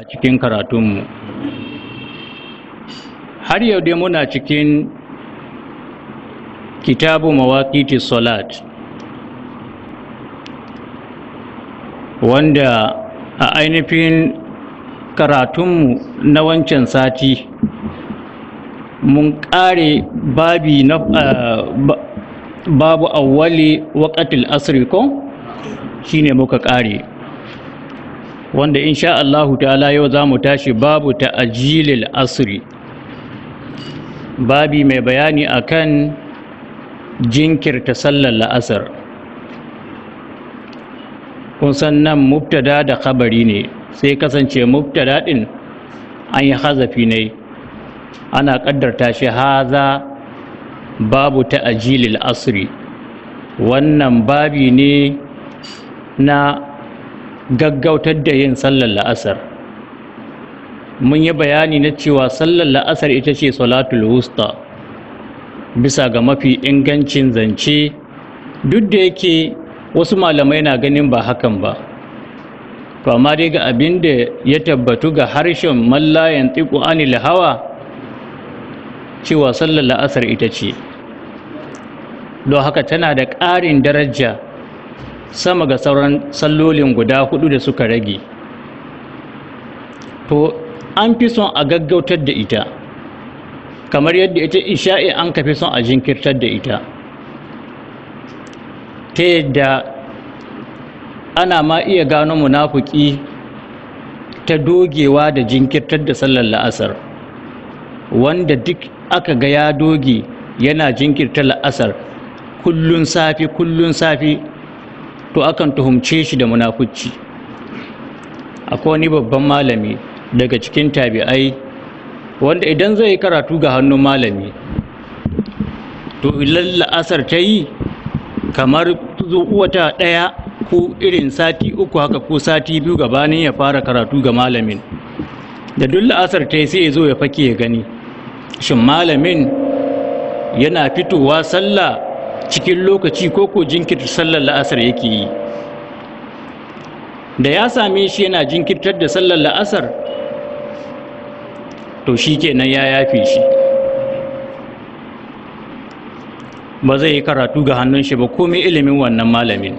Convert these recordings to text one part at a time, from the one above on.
a cikin karatunmu har yau dai muna cikin kitabu mawaƙiti salat wanda a ainihin karatunmu na wancan sati mun ƙare babi na babu awwali waƙatil asiri ko shine muka ƙare wanda insha Allahu ta'ala yau za mu tashi babu ta'ajilil asiri, babi mai bayani akan jinkirta sallar la'asar kun san nan muftada da khabari ne sai kasance mubtada din an yi hazafi ne ana kaddarta shi haza babu ta'ajilil asiri, wannan babi ne na gaggautar da yin sallar la'asar mun yi bayani na cewa sallar la'asar ita ce salatul wusta bisa ga mafi ingancin zance duk da yake wasu malamai na ganin ba hakan ba to amma dai ga abin da ya tabbatu ga harshen mallayan tiku ani hawa cewa sallar la'asar ita ce don haka tana da ƙarin daraja sama ga sauran sallolin guda hudu da suka rage to an fi son a gaggautar da ita kamar yadda ita isha'i an fi son a jinkirtar da ita ta yadda ana ma iya gano munafuki ta dogewa da jinkirtar da sallar la'asar wanda duk aka ga ya doge yana jinkirta la'asar kullun safi kullun safi to akan tuhumce shi da munafuci akwai wani babban malami daga cikin tabi'ai wanda idan zai karatu ga hannun malami to lalla la'asar ta yi kamar wata ɗaya ko irin sati uku haka ko sati biyu gabanin ya fara karatu ga malamin da duk la'asar ta yi sai ya zo ya fake ya gani shin malamin yana fitowa sallah cikin lokaci ko ko jinkirta sallar la'asar yake yi da ya same shi yana jinkirtar da sallar la'asar to shi kenan ya yafe shi ba zai yi karatu ga hannun shi ba komai ilimin wannan malamin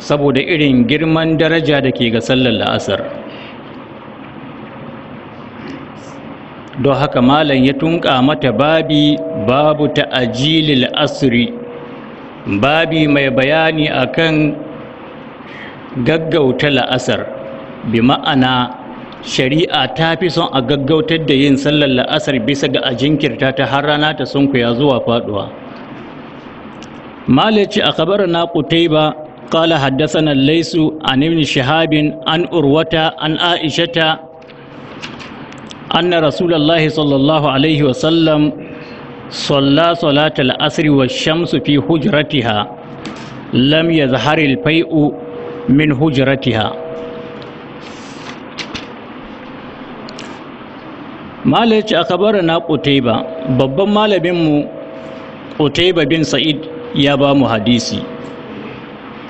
saboda irin girman daraja da ke ga sallar la'asar don haka malam ya tunƙa mata babi babu ta'ajilil asri babi mai bayani akan gaggauta la'asar bi ma'ana shari'a ta fi son a gaggautar da yin sallar la'asar bisa ga a jinkirta ta har rana ta sunkuya zuwa faduwa malaci a kabar na kutaiba ƙala haddasa laisu a nemi shahabin urwata urwata an aishata أن رسول الله صلى الله عليه وسلم صلى صلاة العصر والشمس في حجرتها لم يظهر الفيء من حجرتها مالك أخبرنا قتيبة بابا مالك قتيبة بن سعيد يا بامو حديثي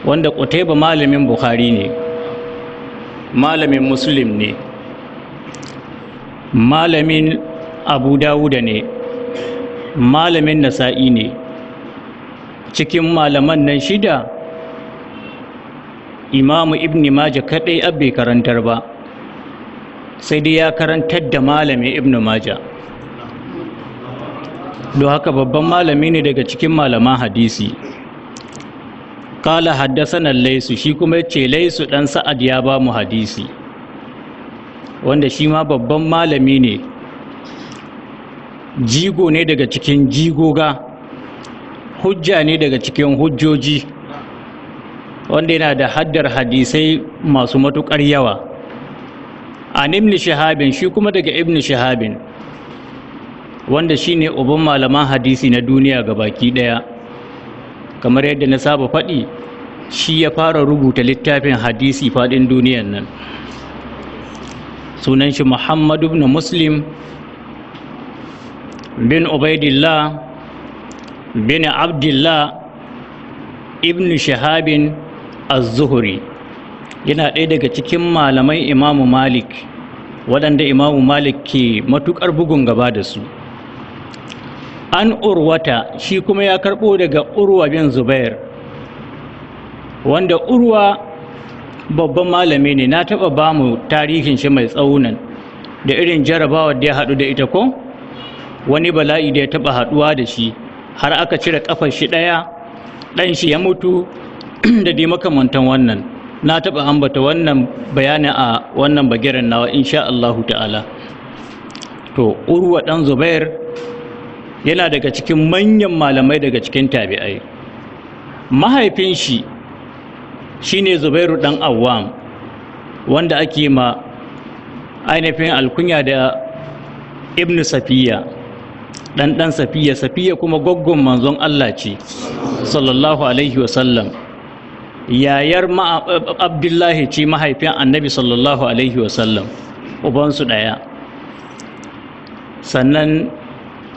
wanda Qutayba malamin Bukhari ne malamin Muslim ne malamin abu dawuda ne malamin nasa'i ne cikin malaman nan shida imamu ibn maja kaɗai abbe karantar ba sai dai ya karantar da malamin ibn maja don haka babban malami ne daga cikin malaman hadisi kala haddasa laisu shi kuma ce laisu ɗan sa'ad ya ba mu hadisi wanda shi ma babban malami ne jigo ne daga cikin jigoga hujja ne daga cikin hujjoji wanda yana da haddar hadisai masu matukar yawa an ibn shahabin shi kuma daga ibn shahabin wanda shi ne uban malaman hadisi na duniya ga baki ɗaya kamar yadda na saba faɗi shi ya fara rubuta littafin hadisi faɗin duniyan nan sunan shi muhammad ibn muslim bin ubaidillah bin abdullah ibn shahabin az-zuhri yana ɗaya daga cikin malamai imamu malik waɗanda imamu malik ke matuƙar bugun gaba da su an urwata shi kuma ya karɓo daga urwa bin zubair wanda urwa babban malami ne na taba ba mu tarihin shi mai tsaunan da irin jarabawar da ya haɗu da ita ko wani bala'i da ya taɓa haɗuwa da shi har aka cire kafar shi ɗaya ɗan shi ya mutu da dai makamantan wannan na taba ambata wannan bayanin a wannan bagiran nawa insha Allahu ta'ala to urwa ɗan zubair yana daga cikin manyan malamai daga cikin tabi'ai mahaifin shi shine zubairu dan awwam wanda ake ma ainihin alkunya da ibnu safiya dan dan safiya safiya kuma goggon manzon Allah ce sallallahu alaihi wasallam yayar abdullahi ce mahaifin annabi sallallahu alaihi wasallam ubansu ɗaya. sannan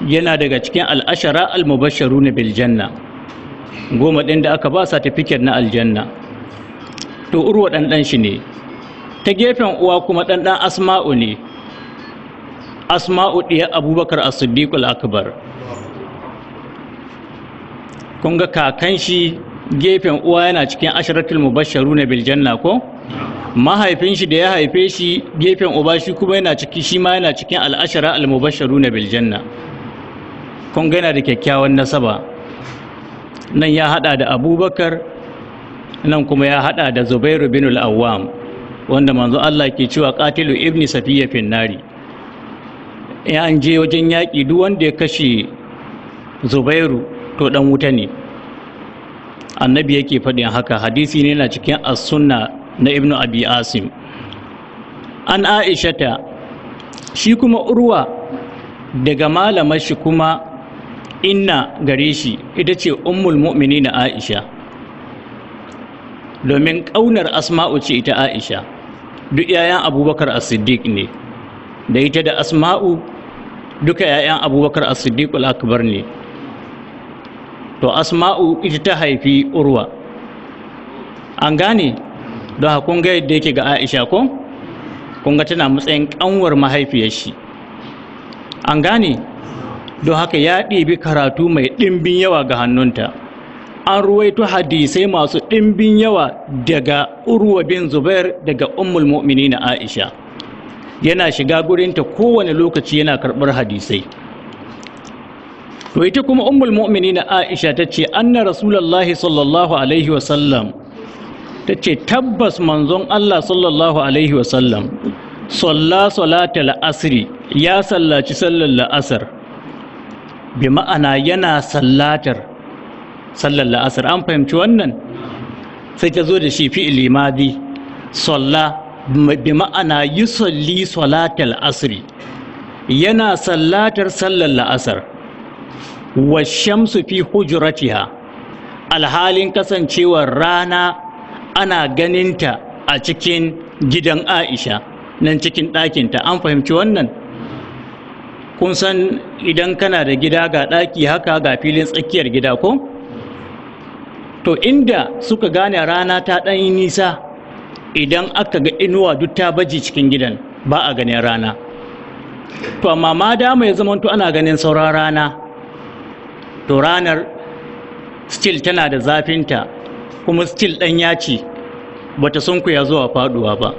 yana daga cikin al'ashara al na biljanna goma ɗin da aka ba sa tafikir na aljanna to urwa ɗanɗan shi ne ta gefen uwa kuma ɗanɗan asma'u ne asma'u ɗaya abubakar a siddiqul akbar kun ga kakan shi gefen uwa yana cikin asharatul mubasharu na biljanna ko mahaifin shi da ya haife shi gefen uba shi kuma yana ciki shi ma yana cikin al'ashara al-mubasharu na biljanna kun gana yana da kyakkyawan nasaba nan ya hada da abubakar nan kuma ya hada da zubairu bin al-awwam wanda manzo Allah ke cewa qatilu ibni safiya fin nari in an je wajen yaƙi duk wanda ya kashe zubairu to dan wuta ne annabi yake faɗin haka hadisi ne na cikin as-sunna na ibnu abi asim an aishata shi kuma urwa daga malamar shi kuma inna gare shi ita ce ummul mu'minina aisha domin ƙaunar asma'u ce ita aisha duk 'ya'yan abubakar as-siddiq ne da ita da asma'u duka 'ya'yan abubakar as-siddiq akbar ne to asma'u ita ta haifi urwa an gane don kun ga yadda yake ga aisha ko Kunga tana matsayin ƙanwar mahaifiyar shi an gane don haka ya ɗibi karatu mai ɗimbin yawa ga hannunta an ruwaito hadisai masu ɗimbin yawa daga urwa bin zubair daga ummul na aisha yana shiga gurinta kowane lokaci yana karɓar hadisai to ita kuma ummul na aisha ta ce anna rasulallahi sallallahu alaihi wasallam ta ce tabbas manzon allah sallallahu alaihi wasallam salla salatal asri ya sallaci sallar la'asar bi ma'ana yana sallatar sallar la'asar an fahimci wannan sai ta zo da shi fi'ili madi salla bi ma'ana yi yusalli salatal asri yana sallatar sallar la'asar wa shamsu fi hujratiha alhalin kasancewar rana ana ganinta a cikin gidan Aisha nan cikin ɗakinta an fahimci wannan kun san idan kana da gida ga ɗaki haka ga filin tsakiyar gida ko? to inda suka gane rana ta ɗan yi nisa idan aka ga inuwa duk ta baji cikin gidan ba a ganin rana to amma ma dama ya zamanto ana ganin sauran rana to ranar still tana da zafinta kuma still ɗan yaci bata sunkuya zuwa faɗuwa ba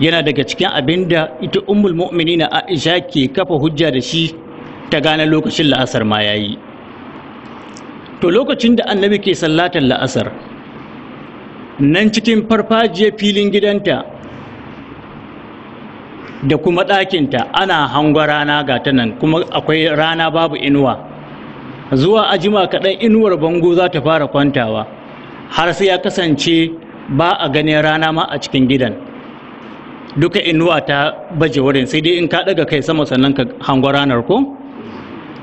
yana daga cikin abin da ita ummul mu'minina Aisha ke kafa hujja da shi ta gane lokacin la'asar ma yayi to lokacin da annabi ke sallatar la'asar nan cikin farfajiyar filin gidanta da kuma ɗakinta ana hango rana ga ta nan kuma akwai rana babu inuwa zuwa ajima kaɗan inuwar bango za ta fara kwantawa har sai ya kasance ba a ganin rana ma a cikin gidan duka inuwa ta baje wurin sai dai in ka ɗaga kai sama sannan ka hango ranar ko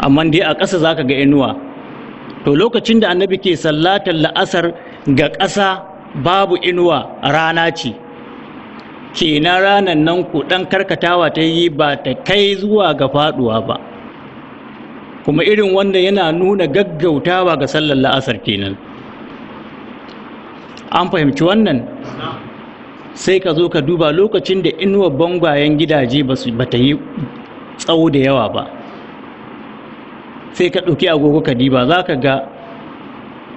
amma dai a ƙasa za ka ga inuwa to lokacin da annabi ke sallatar la'asar ga ƙasa babu inuwa rana ce kenan ranar nan ku ɗan karkatawa ta yi ba ta kai zuwa ga faɗuwa ba kuma irin wanda yana nuna gaggautawa ga sallar la'asar kenan an fahimci wannan sai ka zo ka duba lokacin da inuwa bangwayen gidaje ba ta yi tsawo da yawa ba sai ka ɗauki agogo ka diba za ka ga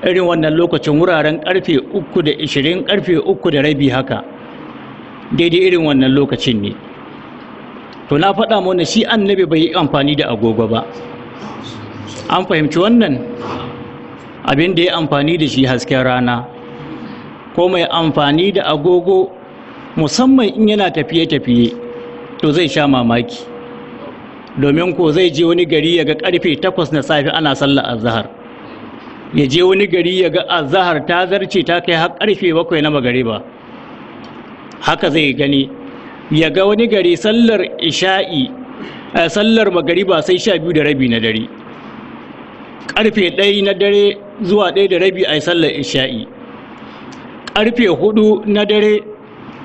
irin wannan lokacin wuraren ƙarfe uku da ƙarfe uku da rabi haka daidai irin wannan lokacin ne to na faɗa mana shi annabi bai yi amfani da agogo ba an fahimci wannan abin da ya amfani da shi hasken rana ko mai amfani da agogo musamman in yana tafiye-tafiye to zai sha mamaki domin ko zai je wani gari ya ga karfe takwas na safe ana sallar azahar ya je wani gari ya ga azahar ta zarce ta kai har karfe bakwai na magariba haka zai gani ya ga wani gari sallar isha'i a sallar magariba sai sha biyu da rabi na dare karfe ɗaya na dare zuwa ɗaya da rabi a sallar isha'i ƙarfe hudu na dare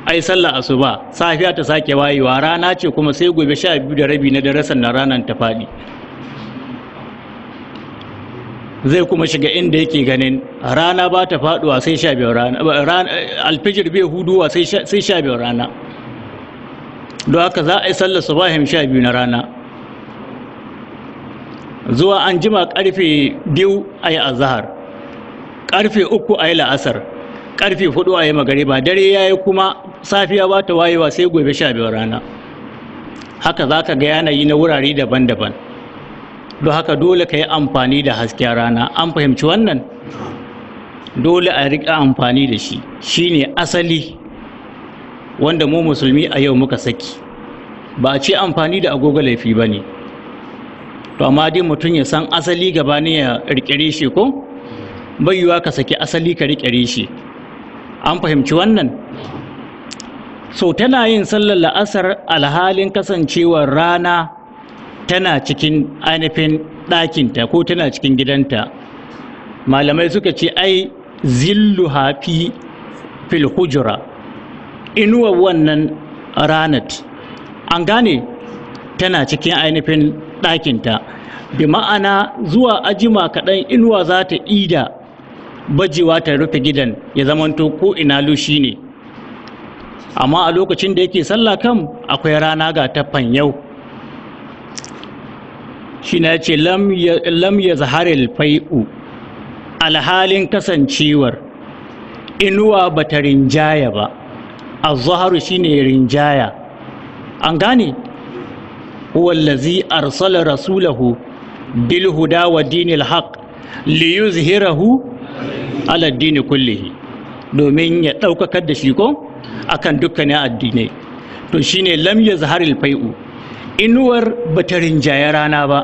ai sallah asuba safiya ta sake wayewa rana ce kuma sai gobe sha biyu da rabi na darasan na ranar ta faɗi zai kuma shiga inda yake ganin rana ba ta faɗuwa sai sha biyar rana alfijir bai huduwa sai sha biyar rana don haka za a yi sallar subahim sha biyu na rana zuwa an jima karfe biyu a yi azahar karfe uku a yi la'asar karfe hudu a yi magariba dare ya yi kuma safiya ba ta wayewa sai gobe sha biyar rana haka za ka ga yanayi na wurare daban-daban don haka dole ka yi amfani da hasken rana an fahimci wannan dole a riƙa amfani da shi shi ne asali wanda mu musulmi a yau muka saki ba a ce amfani da agogo laifi ba ne to amma dai mutum ya san asali gabanin ya rikire shi ko bai ka saki asali ka rikire shi an fahimci wannan so tana yin sallar la'asar alhalin kasancewar rana tana cikin ainihin ɗakinta ko tana cikin gidanta malamai suka ce ai zillu hafi fil hujura inuwar wannan ranat an gane tana cikin ainihin ɗakinta bi ma'ana zuwa ajima kaɗan inuwa za ta ida bajewa ta rufe gidan ya zamanto ko ina lushi ne amma a lokacin da yake sallah kam akwai rana ga tafan yau shi na ce lam ya zaharil fai'u alhalin kasancewar inuwa ba ta rinjaya ba a zaharu shi ne rinjaya an gane wallazi arsala rasulahu bil wa dinil haq li yuzhirahu ala dini kullihi domin ya ɗaukakar da shi ko akan dukkanin addinai to shine lam yazharil fai'u inuwar bata rinjaye rana ba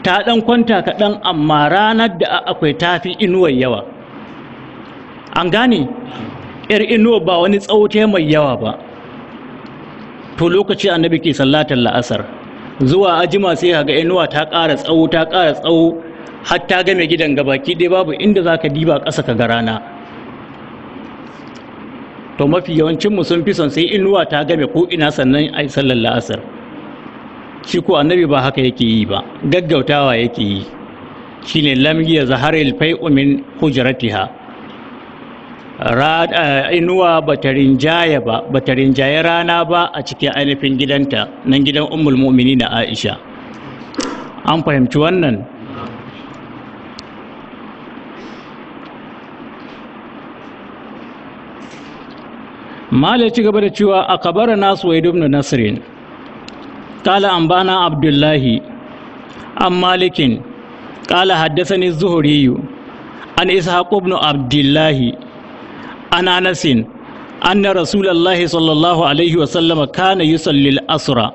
ta dan kwanta kaɗan amma ranar da akwai tafi inuwar yawa an gane yar inuwa ba wani tsaute mai yawa ba to lokaci annabi ke sallatar la'asar zuwa ajima sai kaga inuwa ta ƙara tsawo ta ƙara tsawo har ta game gidan gabaki ɗaya babu inda zaka diba ƙasa ka ga rana to mafi yawancin mu sun fi son sai inuwa ta game ko ina sannan ai sallar la'asar shi ko annabi ba haka yake yi ba gaggautawa yake yi shine lam ya zahar al-fai'u min hujratiha eh, inuwa ba ta ba ba ta rinjaye rana ba a cikin ainihin gidanta nan gidan ummul mu'mini na aisha an fahimci wannan Mala ci gaba da cewa a kabara nasu wa idubnu nasirin, ƙala an Abdullahi, an malikin, ƙala haddasa ne zuhuriyu, an isa haƙubnu Abdullahi, an anasin, an na Rasulallahi sallallahu Alaihi wasallama kana yi sallil asura,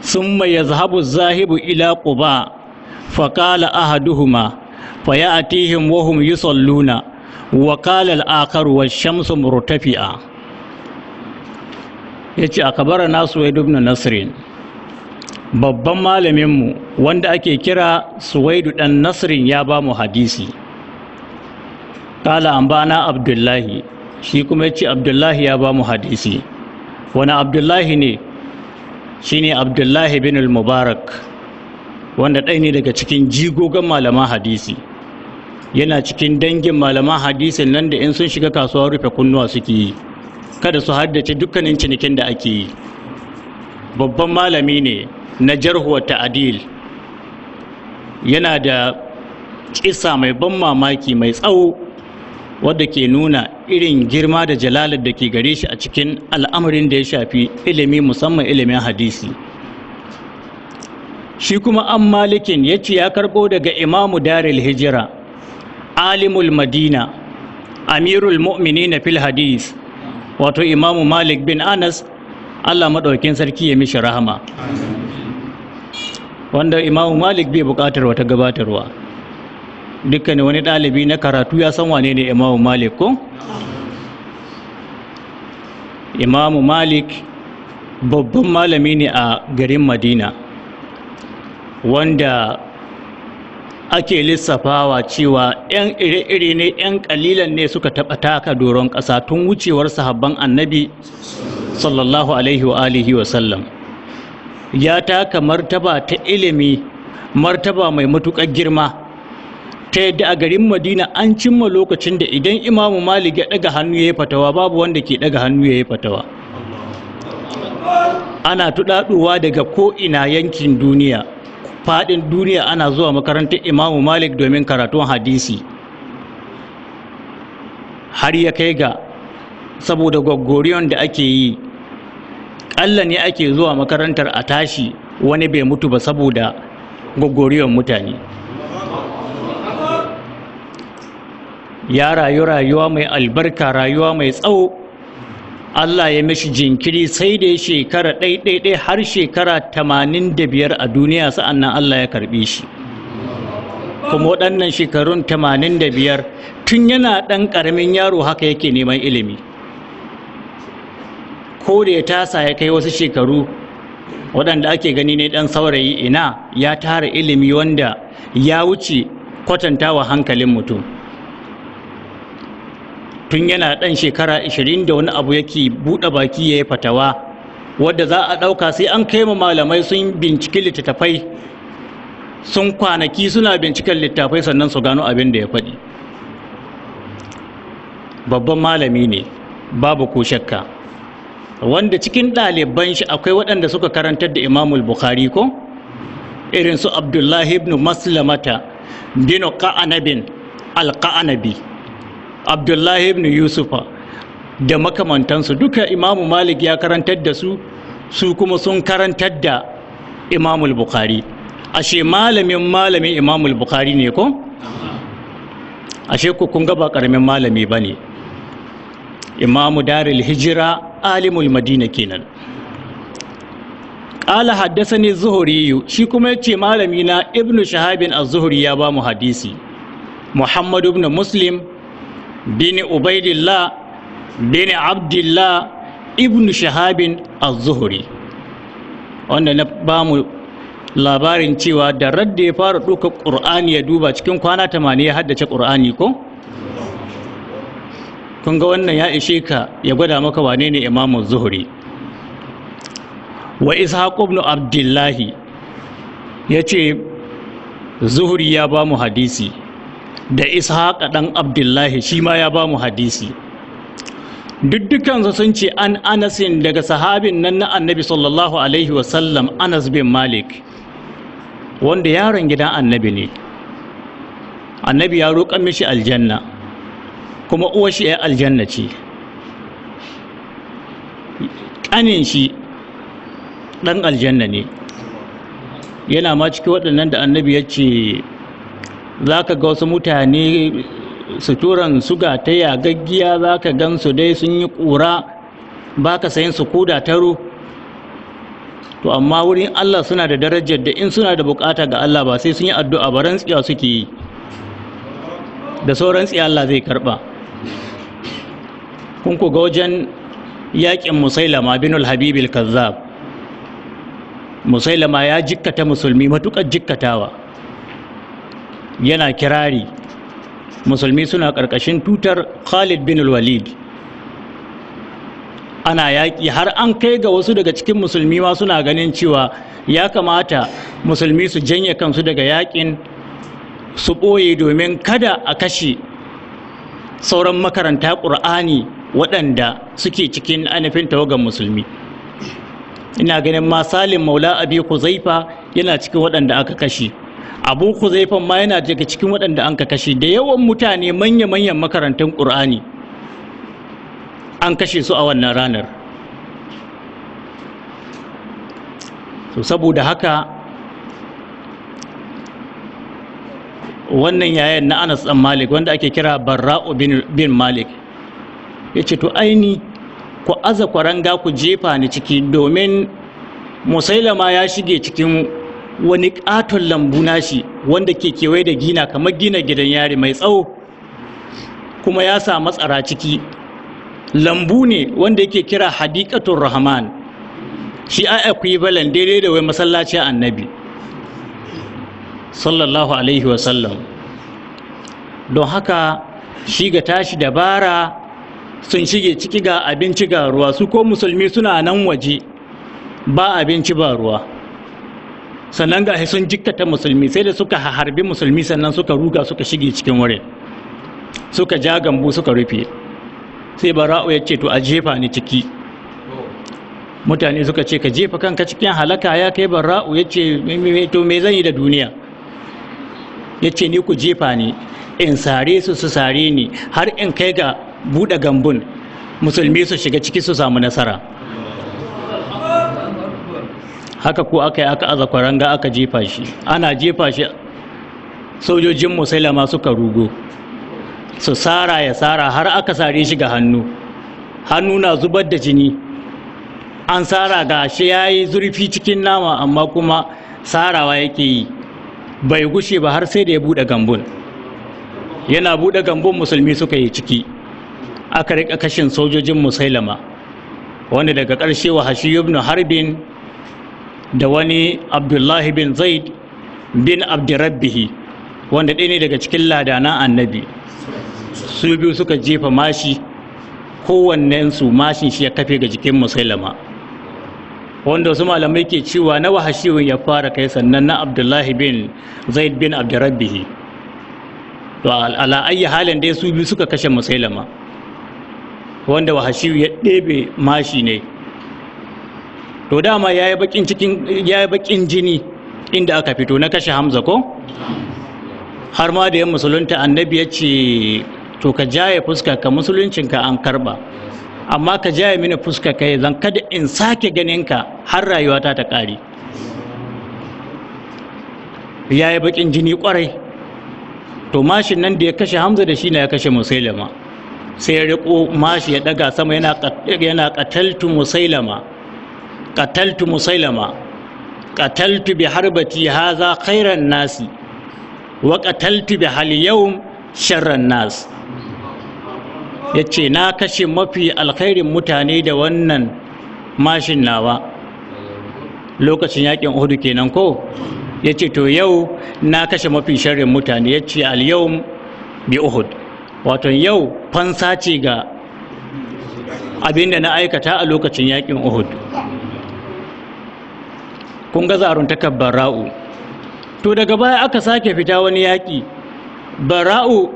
sun mai zahabu zahibu ila ƙuba, fa ƙala aha duhuma, fa ya atihin wahum yi sall ya ce kabara nasu wai dubna nasirin babban malaminmu wanda ake kira suwaidu dan nasirin ya ba mu hadisi ƙala ambana abdullahi shi kuma ce abdullahi ya ba mu hadisi wani abdullahi ne shi ne abdullahi bin mubarak wanda ɗaya ne daga cikin jigogon malaman hadisi yana cikin dangin malaman hadisin nan da in sun shiga kasuwar rufe kunnuwa suke yi kada su haddace dukkanin cinikin da ake yi babban malami ne na jarhuwar ta'adil yana da kisa mai ban mamaki mai tsawo wadda ke nuna irin girma da jalalar da ke gare shi a cikin al'amarin da ya shafi ilimi musamman ilimin hadisi shi kuma an malikin ya ce ya karɓo daga imamu daril hijira alimul madina amirul mu'mini na fil hadis wato imamu malik bin anas allah maɗaukin sarki ya mishi rahama wanda imamu malik bai buƙatar wata gabatarwa dukkan wani ɗalibi na karatu ya san wane ne imamu malik ko imamu malik babban malami ne a garin madina wanda ake lissafawa cewa 'yan ire-ire ne 'yan kalilan ne suka taɓa taka doron ƙasa tun wucewar sahabban annabi sallallahu alaihi wa alihi wa sallam ya taka martaba ta ilimi martaba mai matuƙar girma ta yadda a garin madina an cimma lokacin da idan imamu malik ya ɗaga hannu ya yi fatawa babu wanda ke ɗaga hannu ya yi fatawa ana tuɗaɗuwa daga ko'ina yankin duniya faɗin duniya ana zuwa makarantar imamu malik domin karatun hadisi har ya kai ga saboda gwaggoriyon da ake yi ƙalla ne ake zuwa makarantar a tashi wani bai mutu ba saboda gwaggoriyon mutane ya rayu rayuwa mai albarka rayuwa mai tsawo Allah ya mishi jinkiri sai da ya shekara ɗaiɗaiɗai har shekara tamanin da biyar a duniya sa'an nan Allah ya karɓi shi kuma waɗannan shekarun tamanin da biyar tun yana ɗan ƙaramin yaro haka yake neman ilimi ko da ya tasa ya kai wasu shekaru waɗanda ake gani ne ɗan saurayi ina ya tara ilimi wanda ya wuce kwatantawa hankalin mutum tun yana ɗan shekara 20 da wani abu yake buɗe baki ya yi fatawa wadda za a ɗauka sai an kai ma malamai sun binciki littattafai sun kwanaki suna binciken littattafai sannan su gano abin da ya faɗi babban malami ne babu ko shakka wanda cikin ɗaliban shi akwai waɗanda suka karantar da imamul bukhari ko irin su abdullahi ibn maslamata bin ka'anabin alka'anabi abdullahi ibn yusufa da makamantansu duka imamu malik ya karantar da su su kuma sun karantar da imamul bukhari ashe malamin malamin imamul bukhari ne ko ashe ku kun ga ba karamin malami ba ne imamu daril hijira alimul madina kenan ƙala haddasa ne zuhuriyu shi kuma yace ce malami na ibnu shahabin az zuhri ya ba mu hadisi muhammadu ibn muslim bin ubaidillah bin abdullah ibn shahabin az-zuhri wanda na ba mu labarin cewa da radda ya fara ɗaukar ƙur'ani ya duba cikin kwana tamanin ya haddace ƙur'ani ko? kun ga wannan ya ishe ka ya gwada maka wane ne imamu zuhuri wa ishaq ibn abdullahi ya ce zuhuri ya ba mu hadisi da ishaqa dan abdullahi shi ma ya ba mu hadisi dukkansu sun ce an anasin daga sahabin nan na annabi sallallahu alaihi wasallam anas bin malik wanda yaron gidan annabi ne annabi ya roƙa mishi aljanna kuma uwar shi ya aljanna ce ƙanin shi ɗan aljanna ne yana ma ciki waɗannan da annabi ya ce za ka ga wasu mutane suturan suga ta yagaggiya za ka gan su dai sun yi ƙura ba ka sayin su kuda taro to amma wurin Allah suna da darajar da in suna da bukata ga Allah ba sai sun yi addu'a ba rantsiya suke yi da sauran tsiya Allah zai karba kun ku ga wajen yakin musailama binul habibul kazzab musailama ya jikkata musulmi matuƙar jikkatawa yana kirari musulmi suna ƙarƙashin tutar khalid bin walid ana yaƙi har an kai ga wasu daga cikin musulmi ma suna ganin cewa ya kamata musulmi su janye kansu daga yaƙin su ɓoye domin kada a kashe sauran makaranta ƙur'ani waɗanda suke cikin anafin tawagan musulmi ina ganin ma salim maula abi huzaifa yana cikin waɗanda aka kashe abu huzaifan ma yana daga cikin waɗanda an ka kashe da yawan mutane manya-manyan makarantar ƙur'ani an kashe su a wannan ranar so saboda haka wannan yayan na anas ɗan malik wanda ake kira barra'u bin malik ya ce to aini ku aza kwaranga ku jefa ni ciki domin musailama ya shige cikin wani katon lambu nashi wanda ke kewaye da gina kamar gina gidan yari mai tsawo kuma ya sa matsara ciki lambu ne wanda yake kira hadikatun rahman shi a equivalent daidai da wai masallacin annabi sallallahu alaihi wasallam don haka shi ga tashi dabara sun shige ciki ga abinci ga ruwa su ko musulmi suna nan waje ba abinci ba ruwa sannan ga sun jikkata musulmi sai da suka harbi musulmi sannan suka ruga suka shige cikin wurin suka ja gambu suka rufe sai bara'u ya ce to a jefa ni ciki mutane suka ce ka jefa kanka cikin halaka ya kai bara'u ya ce to me zan yi da duniya ya ce ni ku jefa ni in sare su su sare ni har in kai ga buɗe gambun musulmi su shiga ciki su samu nasara haka ko aka yi aka aza kwaranga aka jefa shi ana jefa shi sojojin musailama suka rugo su tsara ya tsara har aka sare shi ga hannu hannu na zubar da jini an tsara ga shi ya yi zurfi cikin nama amma kuma sarawa yake yi bai gushe ba har sai da ya buɗe gambun yana buɗe gambun musulmi suka yi ciki aka riƙa kashin sojojin musailama. wanda daga ƙarshe wa hashi ibn harbin da wani abdullahi bin zaid bin abdirabbihi wanda ɗaya ne daga cikin ladana annabi su biyu suka jefa mashi kowannensu mashin shi ya kafe ga jikin musulama wanda wasu malamai ke cewa na wahashiwin ya fara kai sannan na abdullahi bin zaid bin abdirabbihi to halin dai su biyu suka kashe musulama wanda wahashiwu ya ɗebe mashi ne to dama ya bakin cikin bakin jini inda aka fito na kashe Hamza ko har ma da yan musulunta annabi ya ce to ka jaye fuska ka musuluncinka an karba amma ka jaye mini fuska ka yi zan kada in sake ganin ka har rayuwa ta kari. ya yi baƙin jini kwarai. to mashin nan da ya kashe hamza da shi na ya kashe musailama sai ya riƙo mashi ya ɗaga sama yana kataltu musailama qataltu musailama qataltu bi harbati hadha khairan nasi wa qataltu bi hal yawm sharran nas yace na kashe mafi alkhairin mutane da wannan mashin nawa lokacin yakin Uhudu kenan ko yace to yau na kashe mafi sharrin mutane yace al yawm bi Uhud wato yau fansa ce ga abinda na aikata a lokacin yakin Uhud kun ga zarun zaruntakar bara'u to daga baya aka sake fita wani yaƙi bara'u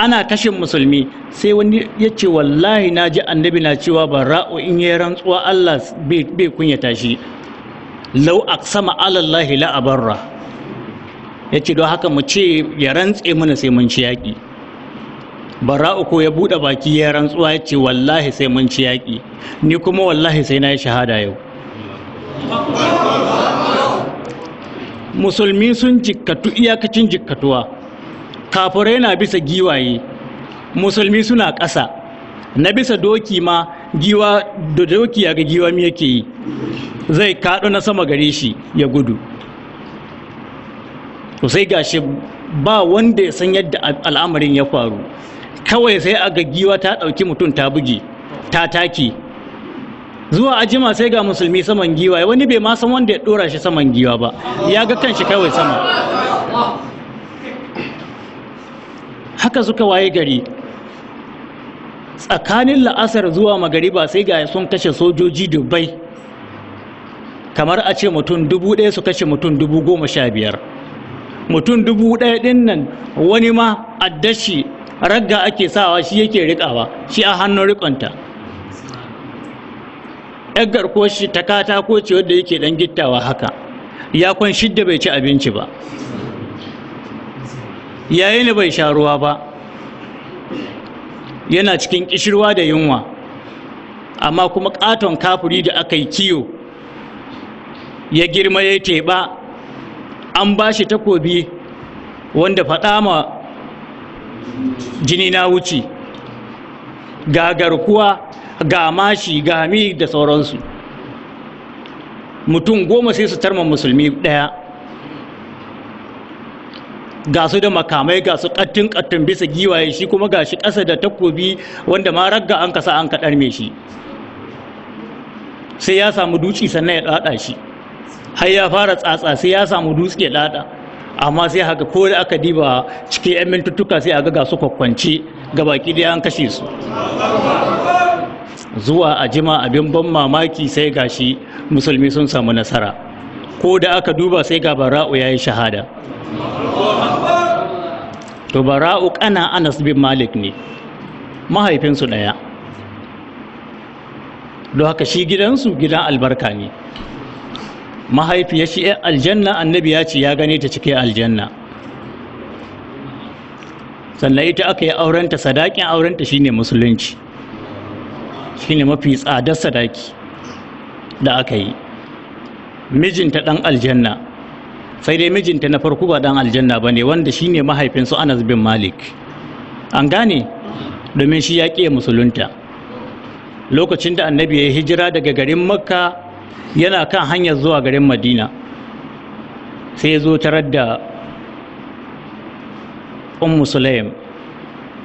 ana kashin musulmi sai wani ya ce wallahi na ji annabi na cewa bara'u in yi rantsuwa Allah bai kunyata shi lau a sama alallahi la'abarra ya ce don haka mu ce ya rantse mana sai mun ci yaƙi bara'u ko ya buɗe baki ya rantsuwa ya ce wallahi sai mun ci yaƙi ni kuma wallahi sai na yi shahada yau musulmi sun jikkatu iyakacin jikkatuwa kafirai na bisa giwaye musulmi suna ƙasa na bisa doki ma giwa da doki ya ga giwa mi yake yi zai kaɗo na sama gare shi ya gudu sai gashi ba wanda ya san yadda al'amarin ya faru kawai sai a ga giwa ta ɗauki mutum ta buge ta take zuwa ajima sai ga musulmi saman giwa wani bai ma san wanda ya dora shi saman giwa ba ya ga kanshi kawai sama haka suka waye gari tsakanin la'asar zuwa magari ba sai ga sun kashe sojoji dubbai kamar a ce mutum dubu ɗaya su kashe mutum dubu goma sha biyar mutum dubu ɗaya ɗin nan wani ma addashi ragga ake sawa shi yake riƙawa shi a hannun rikonta Ɗaggar ko shi ta katako ce wadda yake dan gittawa haka ya kwan shidda bai ci abinci ba yayi ne bai sha ruwa ba yana cikin kishirwa da yunwa amma kuma katon kafuri da aka yi kiyo ya girma ya teɓa an ba shi takobi wanda faɗa ma jini na wuce ga garkuwa ga shi ga da sauransu mutum goma sai su tarma musulmi ɗaya ga su da makamai ga su ƙattun ƙattun bisa giwaye shi kuma ga shi ƙasa da takobi wanda ma ragga an kasa an kaɗar mai shi sai ya samu duci sannan ya ɗaɗa shi har ya fara tsatsa sai ya samu dutse ya ɗaɗa amma sai haka ko da aka diba cikin 'yan mintuttuka sai a ga su kwakwance ga baki ɗaya an kashe su zuwa a jima abin ban mamaki sai gashi musulmi sun samu nasara ko da aka duba sai ga bara'u ya yi shahada to bara'u kana anas bin malik ne mahaifinsu ɗaya don haka shi gidansu gidan albarka ne mahaifiya shi eh, aljanna annabi ya ce ya gane ta cike aljanna sannan ita aka yi aurenta sadakin aurenta shine musulunci shine mafi tsadar sadaki da aka yi mijinta ɗan aljanna sai dai mijinta na farko ba ɗan aljanna ba ne wanda shi ne mahaifinsu anas bin malik an gane domin shi ya ƙiye musulunta lokacin da annabi ya hijira daga garin makka yana kan hanyar zuwa garin madina sai ya zo tarar da ummu sulaim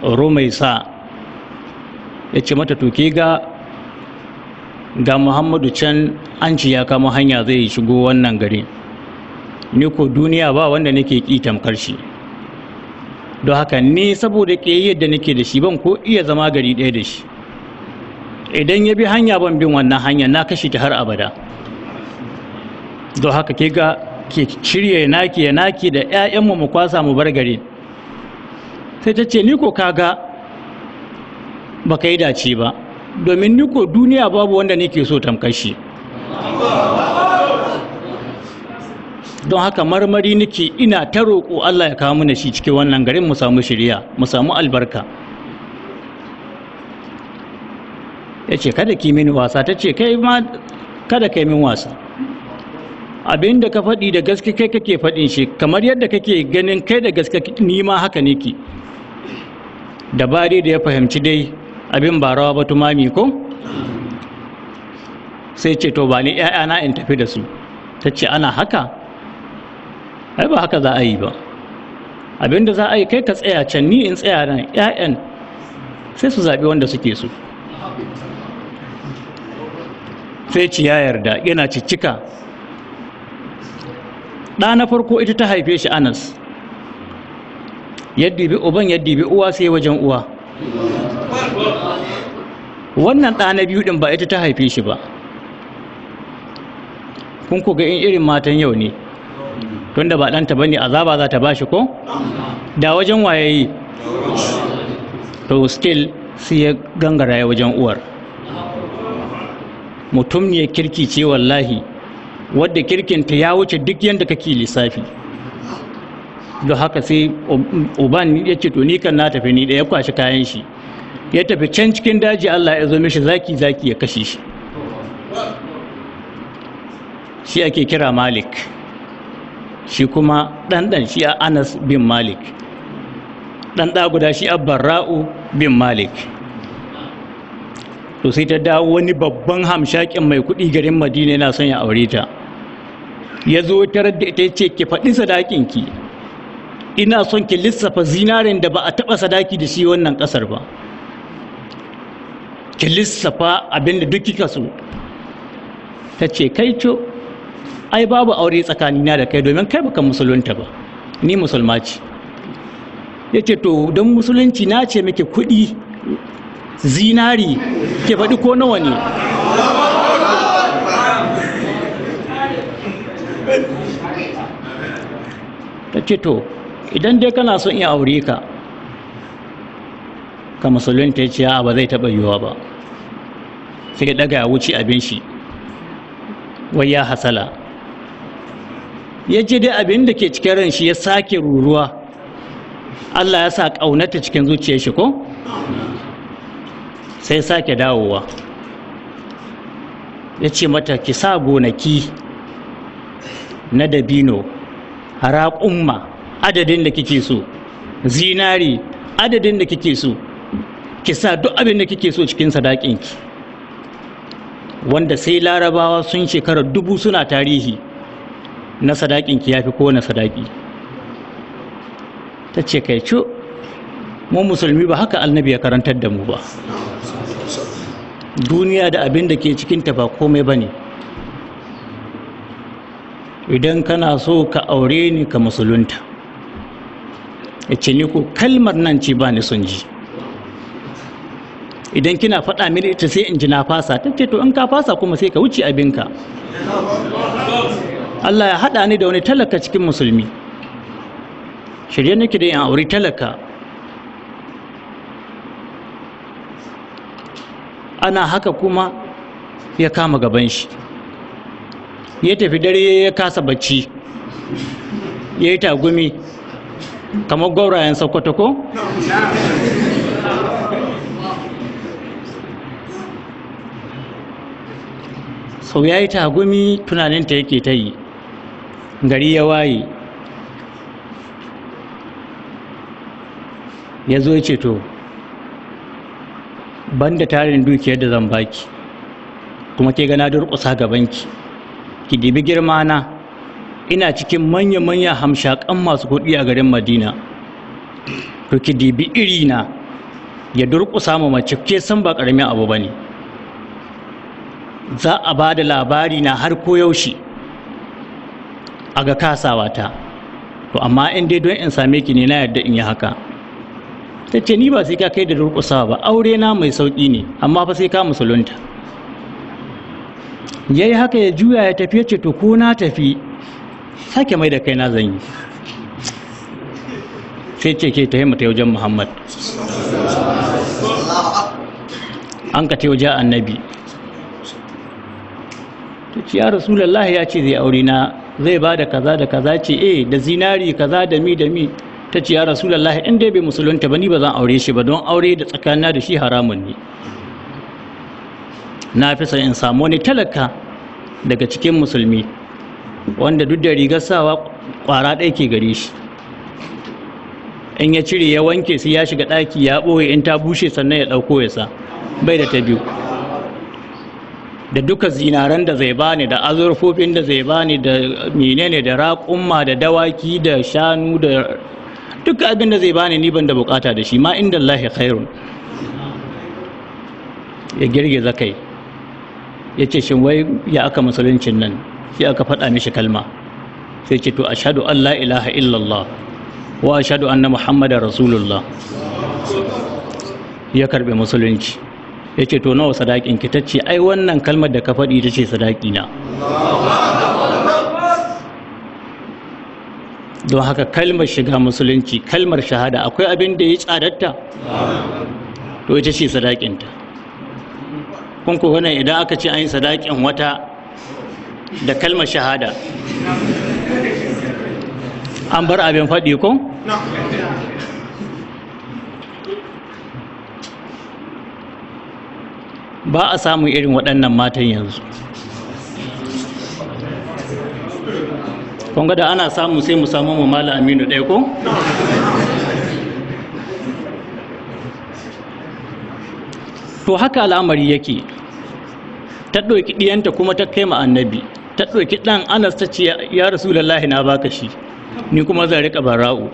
rumaisa ya ce mata to ga ga muhammadu can an ya kama hanya zai yi shigo wannan gari ni ko duniya ba wanda nake ƙi tamkar shi don haka ni saboda ke yadda nake da shi ban ko iya zama gari ɗaya da shi idan ya bi hanya ban bin wannan hanya na kashe ta har abada don haka ke ga ke shirya naki ya naki da 'ya'yanmu mu kwasa mu bar gari sai ta ce ni ko ka ga. ba ka yi dace ba domin niko duniya babu wanda nake so tamkashi don haka marmari nake ina ta roƙo Allah ya kawo mana shi cikin wannan garin mu samu shirya, mu samu albarka ya ce kada ki mini wasa ta ce kai ma kada kai min wasa abin da ka faɗi da gaske kai kake faɗin shi kamar yadda kake ganin kai da gaske ni ma haka nake dabari da ya fahimci dai abin ba rawa ba tumami ko sai ce to ba ni ‘ya'yana in tafi da su ta ce ana haka ai ba haka za a yi ba abinda za a yi kai ka tsaya can ni in tsaya nan ‘ya'yan sai su zaɓi wanda suke su. sai ci ya yarda yana ciccika ɗa na farko ita ta haife shi anas yadda bi uban yadda bi uwa sai wajen uwa wannan ɗa na biyu ɗin ba ita ta haife shi ba kun ku ga in irin matan yau ne tunda ba ɗanta ba ne azaba za ta ba shi ko da wajen waye yi to still sai ya gangara ya wajen uwar mutum ne kirki ce wallahi wadda kirkinta ya wuce duk yadda kake lissafi don haka sai uban ya ce to ni kan na tafi ni da ya kwashi kayan shi ya tafi can cikin daji Allah ya zo mishi zaki zaki ya kashe shi shi ake kira malik shi kuma ɗanɗan shi a anas bin malik ɗan guda shi a barra'u bin malik to sai ta dawo wani babban hamshakin mai kuɗi garin madina yana son ya aure ta ya zo tarar da ita ce ki faɗi sadakinki ina son ki lissafa zinarin da ba a taɓa sadaki da shi wannan ƙasar ba ki lissafa abin da duk kika so ta ce kai co ai babu aure tsakanina da kai domin kai baka musulunta ba ni musulma ce ya ce to don musulunci na ce miki kuɗi zinari ke faɗi ko nawa ne ta ce to idan dai kana son iya aure ka ka musulunta ya ce ba zai taɓa yiwuwa ba sai ya ɗaga wuce abin shi wai ya hasala ya ce dai abin da ke cikin ran shi ya sake ruruwa Allah ya sa ƙaunata cikin zuciyar shi ko sai sake dawowa ya ce mata ki sa gonaki na dabino haraƙumma adadin da kike so zinari adadin da kike so ki sa duk abin da kike so cikin sadakin ki wanda sai larabawa sun shekarar dubu suna tarihi na sadakinki ki yafi kowane sadaki ta ce kai cu mu musulmi ba haka annabi ya karantar da mu ba duniya da abin da ke cikinta ba komai ba ne idan kana so ka aure ni ka musulunta ya ce ni ko kalmar nan ce ba ni sun ji idan kina faɗa mini ita sai in ji na fasa ta ce to in ka fasa kuma sai ka wuce abinka Allah ya haɗa ni da wani talaka cikin musulmi shirye nake da yin aure talaka ana haka kuma ya kama gaban shi ya tafi dare ya kasa bacci ya yi tagumi kamar gwaurayen sokoto ko? sau ya yi tagumi tunaninta yake ta yi gari ya waye ya zo ce to banda tarin dukiyar da zan baki kuma ke gana ga gabanki ki dibi girma na ina cikin manya-manya hamshakan masu kuɗi a garin madina to ki dibi irina ya durƙusa ma mace ke san ba karamin abu ba ne za a ba da labari na har koyaushe a ga kasawa ta to amma in dai don in same ki ne na yarda in yi haka ta ce ni ba sai ka kai da durƙusa ba aure na mai sauƙi ne amma fa sai ka musulunta ya yi haka ya juya ya tafi ya ce to ko na tafi sake mai da kai na zan yi sai ce ke ta yi mata wajen muhammad an ka ta wajen annabi ce ya ya ce zai aure na zai ba da kaza da kaza ce eh da zinari kaza da mi da mi ta ce ya rasulullah in dai bai musulunta ba ni ba zan aure shi ba don aure da tsakanina da shi haramun ne na fi son in samu wani talaka daga cikin musulmi wanda duk da rigar sawa kwara ɗaya ke gare shi in ya cire ya wanke sai ya shiga ɗaki ya ɓoye in ta bushe sannan ya ɗauko ya sa bai da ta biyu da duka zinaran da zai bani da azurfofin da zai bani da menene da raƙumma da dawaki da shanu da duka abin da zai bani ni ban da bukata da shi ma inda Allah khairun ya girge zakai ya ce shin wai ya aka musuluncin nan sai aka faɗa mishi kalma sai ce to ashhadu an la ilaha illallah wa ashhadu anna muhammadar rasulullah ya karɓi musulunci ya ce to nawa sadakin ki tace ai wannan kalmar da ka faɗi ta ce sadaki na don haka kalmar shiga musulunci kalmar shahada akwai abin da ya tsadarta to ita ce sadakinta kun ku wannan idan aka ce an yi sadakin wata da kalmar shahada an bar abin faɗi ko? ba a samun irin waɗannan matan yanzu kun da ana samu sai mu samu mu mala aminu ɗaya ko? to haka al'amari yake ta ɗauki ɗiyanta kuma ta kai ma annabi ta ɗauki ɗan anas ta ce ya rasu rasulallahi na baka shi ni kuma zan riƙa bara'u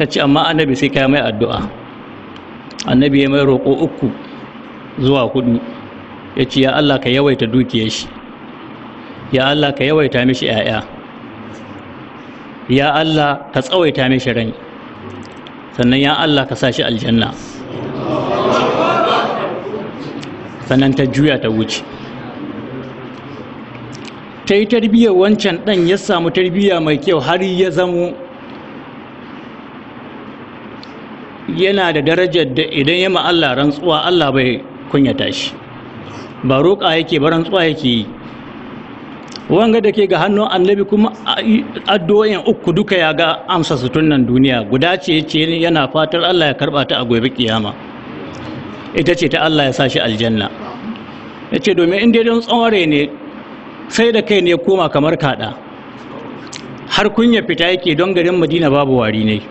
ta ce amma annabi sai kai mai addu'a annabi ya mai roƙo uku zuwa hudu ya ce ya Allah ka yawaita dukiyar shi ya Allah ka yawaita mishi 'ya'ya ya Allah ka tsawaita mishi rai sannan ya Allah ka sa shi aljanna sannan ta juya ta wuce ta yi tarbiyyar wancan ɗan ya samu tarbiyya mai kyau har ya zamo yana da darajar da idan ya Allah rantsuwa Allah bai kunyata shi ba roƙa yake ba rantsuwa yake yi wanga da ke ga hannun annabi kuma addu'o'in uku duka ya ga amsa sutun nan duniya guda ce ce yana fatar Allah ya karɓa ta a gobe kiyama ita ce ta Allah ya sashi aljanna ya ce domin in dai don ne sai da kai ne koma kamar kaɗa har kunya fita yake don garin madina babu wari ne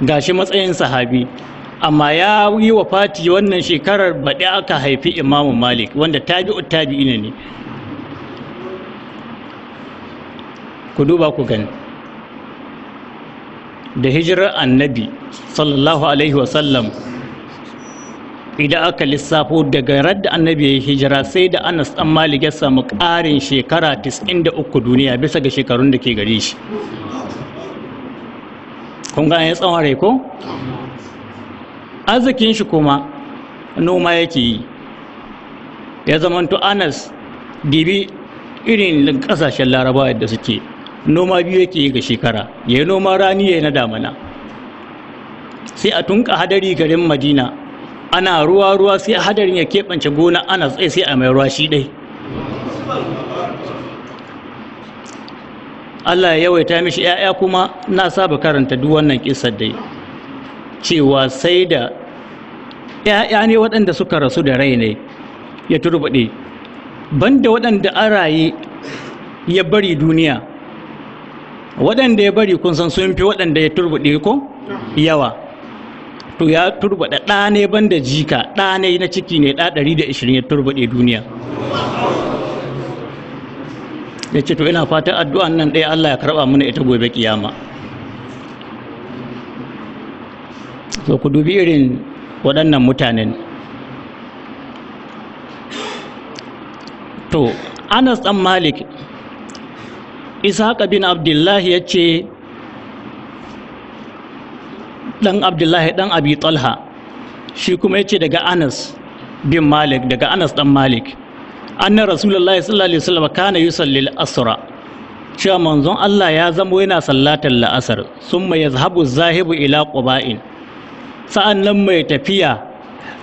gashi matsayin sahabi amma ya yi wa fati wannan shekarar baɗi aka haifi imamu malik wanda tabi'u tabi'ina ne ku duba ku gani da hijirar annabi sallallahu alaihi wasallam idan aka lissafo daga radda annabi ya yi hijira sai da anas tsammali malik ya samu ƙarin shekara 93 duniya bisa ga shekarun da ke gare shi kun ga ya tsawon rai ko arzikin shi kuma noma yake yi ya zamanto anas dibi irin kasashen laraba yadda suke noma biyu yake yi ga shekara ya yi noma rani ya yi na damana sai a tunka hadari garin madina ana ruwa-ruwa sai hadarin ya keɓance gona anas sai a mai ruwa shi ɗai Allah ya yawaita mishi ‘ya'ya kuma na saba karanta duk wannan kisar dai cewa sai da ‘ya'ya ne waɗanda suka rasu da rai ne ya turbaɗe banda waɗanda an raye ya bari duniya waɗanda ya bari kun san sun fi waɗanda ya turbaɗe ko yawa to ya turbaɗa ɗa ne banda jika ɗa ne na ciki ne ɗa 120 ya turbaɗe duniya ya ce to ina fatan addu'an nan ɗaya Allah ya karɓa mana ita gobe kiyama so ku dubi irin waɗannan mutanen to anas ɗan malik ishaqa bin abdullahi ya ce ɗan abdullahi ɗan abi talha shi kuma ya ce daga anas bin malik daga anas ɗan malik annan rasulullahi sallallahu alaihi wasallam kana yi asra cewa manzon Allah ya zama yana sallatar la'asar mai yazhabu zahibu ila quba'in sa'an nan mai tafiya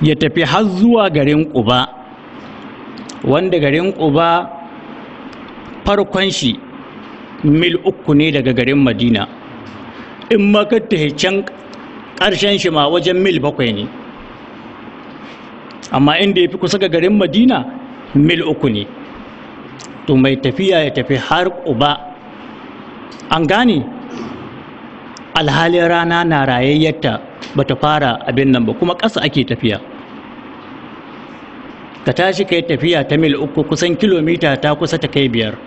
ya tafi har zuwa garin quba wanda garin quba farkon shi mil uku ne daga garin madina in maka can ƙarshen shi ma wajen mil bakwai ne amma inda ya fi kusa ga garin madina mil uku ne to mai tafiya ya tafi har uba an gane alhalin rana na rayayyarta ba ta fara abin nan ba kuma ƙasa ake tafiya ka tashi kai tafiya ta mil uku kusan kilomita ta kusa ta kai biyar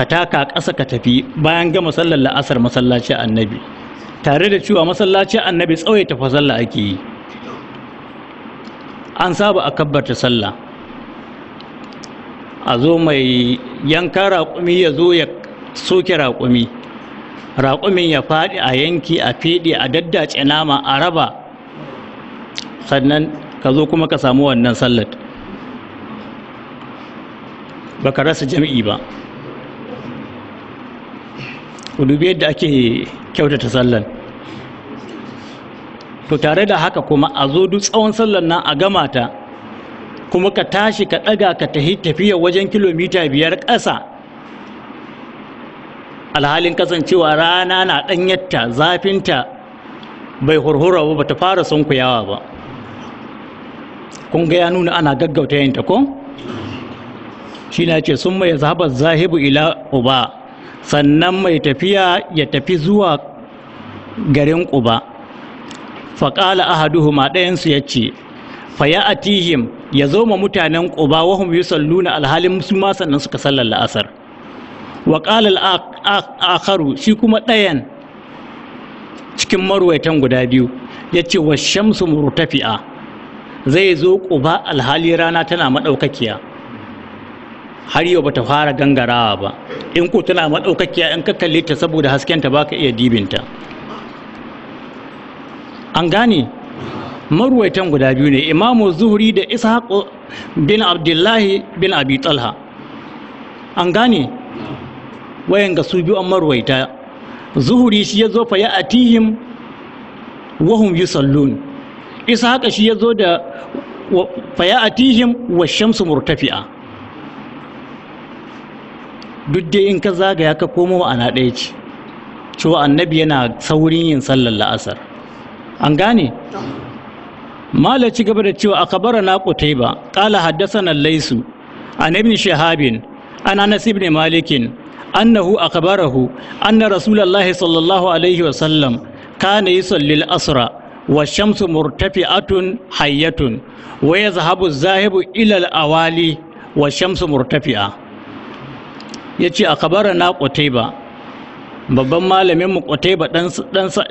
ka taka ƙasa ka tafi bayan gama sallar la'asar masallaci annabi tare da cewa masallacin annabi tsawaita fa sallah ake yi an saba a ta sallah a zo mai yanka raƙumi ya zo ya soke raƙumi raƙumin ya faɗi a yanki a feɗe a daddace nama a raba sannan ka zo kuma ka samu wannan sallar ba ka rasa jami'i ba dubi yadda ake kyautata sallar to tare da haka kuma a zo duk tsawon sallar nan a gamata. kuma ka tashi ka ɗaga ka tafi tafiya wajen kilomita biyar ƙasa alhalin kasancewa rana na ɗanyarta zafinta bai hurhura ba ta fara sunkuyawa ba kun ga ya nuna ana gaggauta yin ta ko shi na ce sun mai zahabar zahibu ila uba sannan mai tafiya ya tafi zuwa garin uba faƙala ahaduhuma ɗayansu ya ce "Fa faya atihim ya zo ma mutanen ƙuba wa hum alhalin musulma sannan suka sallar la'asar wa a Karu shi kuma ɗayan cikin marwaitan guda biyu Ya ce wa shamsu murtafi'a zai zo quba alhali rana tana maɗaukakiya. har yau bata fara gangarawa ba in ko tana maɗaukakiya in ka kalle ta saboda hasken haskenta baka iya dibinta an gane marwaitan guda biyu ne imamu zuhri da ishaq bin abdullahi bin abi talha an gane wayan ga su biyu an marwaita zuhri shi ya zo fa ya atihim wahum yusallun ishaq shi ya zo da fa ya wa shamsu murtafi'a duk dai in ka zagaya ka komo ana ɗaya ce cewa annabi yana saurin yin sallar la'asar an gane mala ci gaba da cewa akabara na ƙala qala haddathana laysu an ibn shahabin an anas ibn malikin annahu akbarahu anna rasulullahi sallallahu alaihi wa sallam kana yusalli al-asra والشمس مرتفعة حية ilal awali, إلى الأوالي yace مرتفعة يجي أخبارنا قتيبة babban malamin mu Qutayba dan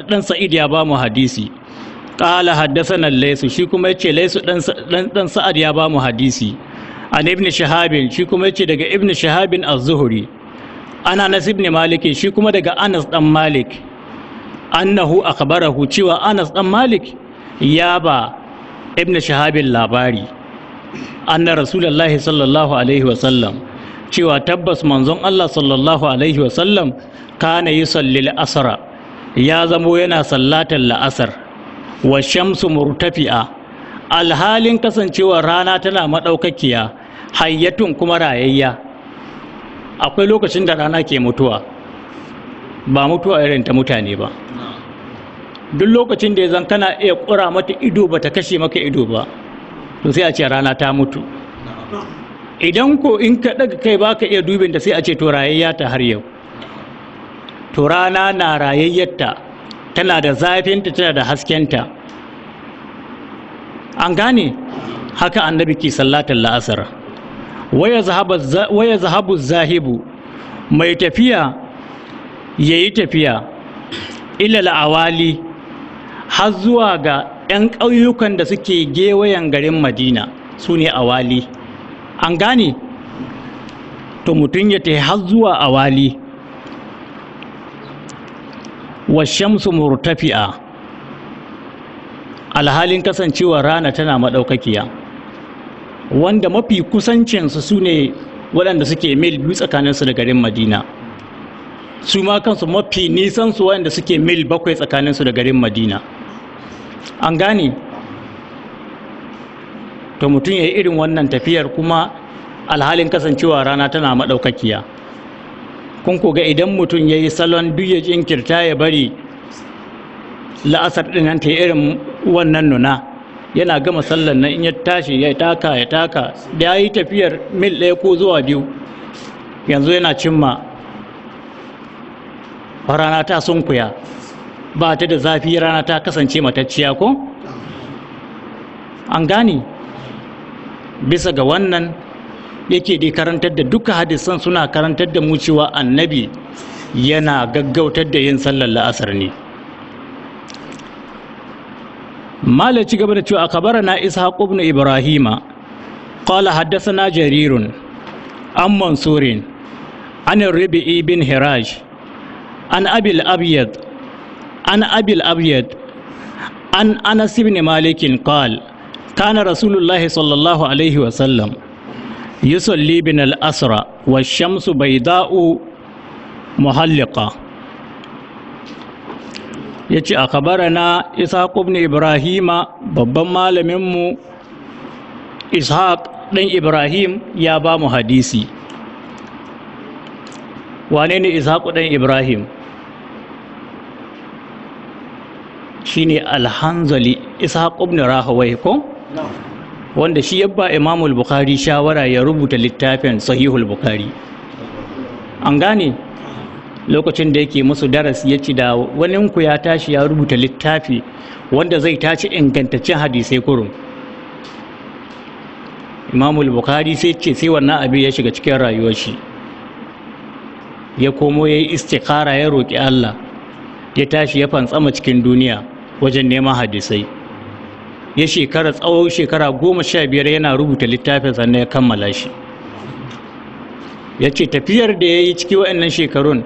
dan Sa'id ya ba mu hadisi qala haddathana laysu shi kuma yace laysu dan dan sa'ad ya ba mu hadisi an ibn shahabin shi kuma yace daga ibn shahabin az-zuhri ana nas ibn malik shi kuma daga anas dan malik annahu akhbarahu cewa anas dan malik ya ba ibn shahabin labari anna rasulullahi sallallahu alaihi wa sallam, cewa tabbas manzon Allah sallallahu alaihi wa sallam, kana yusalli al-asra ya zamo yana sallatan la'asar wa shamsu murtafi'a alhalin kasancewa rana tana maɗaukakiya hayyatun kuma rayayya akwai lokacin da rana ke mutuwa ba mutuwa irin ta mutane ba duk lokacin da ya zan kana iya ƙura mata ido ba ta kashe maka ido ba to sai a ce rana ta mutu idan ko in ka daga kai ba ka iya dubin da sai a ce to rayayya ta har yau to rana na rayayyarta tana da zafinta tana da haskenta an gane haka annabi ke sallatar la'asar waya zahabu zahibu mai tafiya ya yi tafiya ila la'awali har zuwa ga 'yan ƙauyukan da suke gewayen garin madina su ne awali an gane to mutum ya ta har zuwa awali washamsu murtafi'a alhalin kasancewa rana tana maɗaukakiya wanda mafi kusancinsu su ne waɗanda suke mil biyu tsakaninsu da garin madina su ma kansu mafi nisansu waɗanda suke mil bakwai tsakaninsu da garin madina an gane to mutum ya yi irin wannan tafiyar kuma alhalin kasancewa rana tana maɗaukakiya kun ku ga idan mutum ya yi salon duk ya jinkirta ya bari la'asar ɗin nan ta irin wannan nuna yana gama sallar na in ya tashi ya taka ya taka da ya yi tafiyar mil ɗaya ko zuwa biyu yanzu yana cimma rana ta sunkuya ba ta da zafi rana ta kasance matacciya ko an gane bisa ga wannan yake dai karantar da duka hadisan suna karantar da mu cewa annabi yana gaggautar da yin sallar la'asar ne mala ci gaba da cewa akabara na ishaq ibn ibrahima qala haddathana jarirun an mansurin an rabi'i bin hiraj an abil abyad an abil abyad an anas ibn malik qala kana rasulullahi sallallahu alaihi wasallam yusalli bin al-asra wa shamsu muhallika. muhalliqa yace a kabarana ishaq ibn ibrahima babban malaminmu Ishak ishaq dan ibrahim ya bamu hadisi Wanene ne ishaq dan ibrahim shine alhanzali ishaq ibn rahawai ko wanda shi yabba imamul bukhari shawara ya rubuta littafin sahihul bukhari an gane lokacin da yake musu darasi ya ci da ku ya tashi ya rubuta littafi wanda zai tashi ingantaccen hadisai kurum imamul bukhari sai ce sai wannan abin ya shiga cikin rayuwar shi ya komo ya yi istikara ya roƙi allah ya tashi ya fantsama cikin duniya wajen neman hadisai ya shekara tsawon shekara goma sha biyar yana rubuta littafin sannan ya kammala shi ya ce tafiyar da ya yi ciki wa'annan shekarun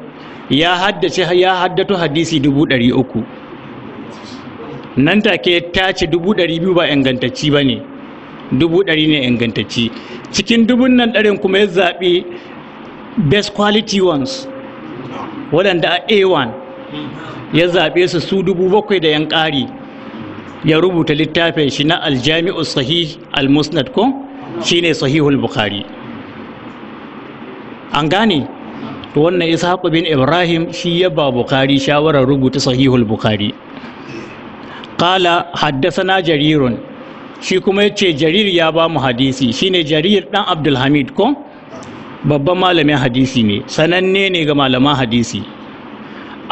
ya haddace ya haddato hadisi dubu ɗari uku nan take ta ce dubu ɗari biyu ba ingantacci ba ne dubu ɗari ne ingantacci cikin dubun nan ɗarin kuma ya zaɓi best quality ones waɗanda a a1 ya zaɓe su su dubu bakwai da yan ƙari ya rubuta littafin shi na aljami'u sahih al-musnad ko shine sahihul bukhari an gane to wannan ishaq bin ibrahim shi ya ba bukhari shawarar rubuta sahihul bukhari qala haddathana jarirun shi kuma yace jarir ya ba mu hadisi shine jarir dan abdul hamid ko babban malamin hadisi ne sananne ne ga malaman hadisi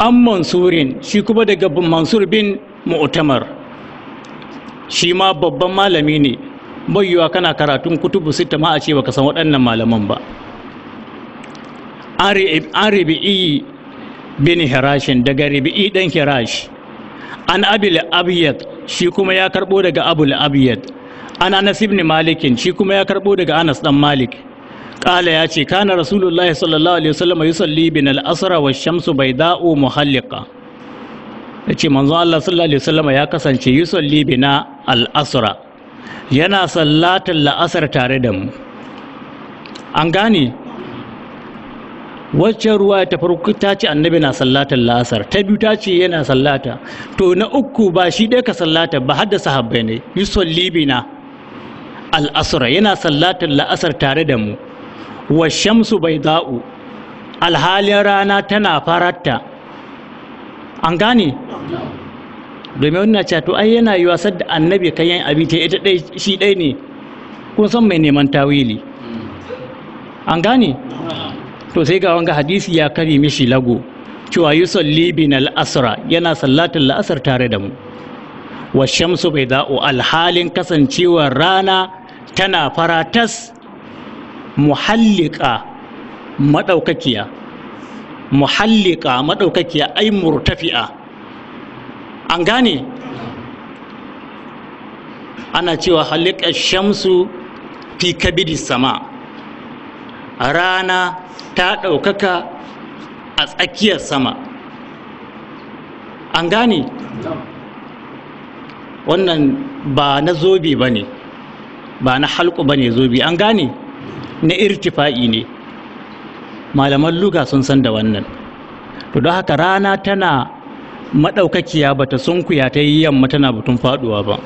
an mansurin shi kuma daga mansur bin mu'tamar shi ma babban malami ne bai kana karatun kutubu sita ma a ce baka san waɗannan malaman ba an rabi'i bin hirashin daga rabi'i ɗan hirash an abil abiyat shi kuma ya karɓo daga abul abiyat an anas ibn malikin shi kuma ya karɓo daga anas ɗan malik ƙala ya ce kana rasulullahi sallallahu alaihi wasallam yusalli bin al'asara asra wa shamsu bai dao muhallika ya ce manzon Allah sallallahu alaihi wasallam ya kasance yusalli bina al-asra yana sallatar la'asar tare da mu an gane wacce ruwa ta farko ta ce annabi na sallatar la'asar ta biyu ta ce yana sallata to na uku ba shi dai ka sallata ba har da sahabbai ne yusalli bina al-asra yana sallatar la'asar tare da mu wa shamsu bai za'u alhalin rana tana faratta an gane domin wani na cewa ai yana yi yiwa sadda annabi kan yin abinci ita dai shi dai ne kun san mai neman tawili an gane to sai ga wanga hadisi ya kare mishi lago cewa yusalli libin al-asra yana sallatin la'asar tare da mu wa shamsu bai za'o alhalin kasancewar rana tana faratas muhallika madaukakiya muhallika maɗaukakiya ai murtafi'a an gane ana cewa halika shamsu fi kabidi sama rana ta ɗaukaka a tsakiyar sama an gane wannan ba na zobe ba ne ba na halku ba ne zobe an gane na irtifa'i ne malaman luga sun san da wannan to don haka rana tana maɗaukakiya ba ta sunkuya ta yi yamma tana butun faɗuwa ba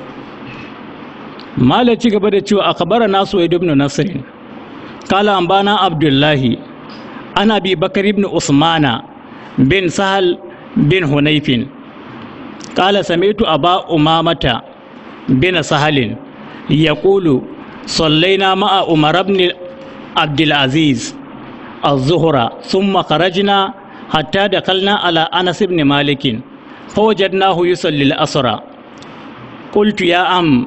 malaci gaba da cewa akabara nasu wa ibn Nasirin. kala ambana abdullahi ana bi bakar ibn usmana bin sahal bin hunayfin kala samitu aba umamata bin sahalin ya sallaina ma'a umar ibn abdul aziz الظهر ثم خرجنا حتى دخلنا على أنس بن مالك فوجدناه يصلي الأسرى قلت يا أم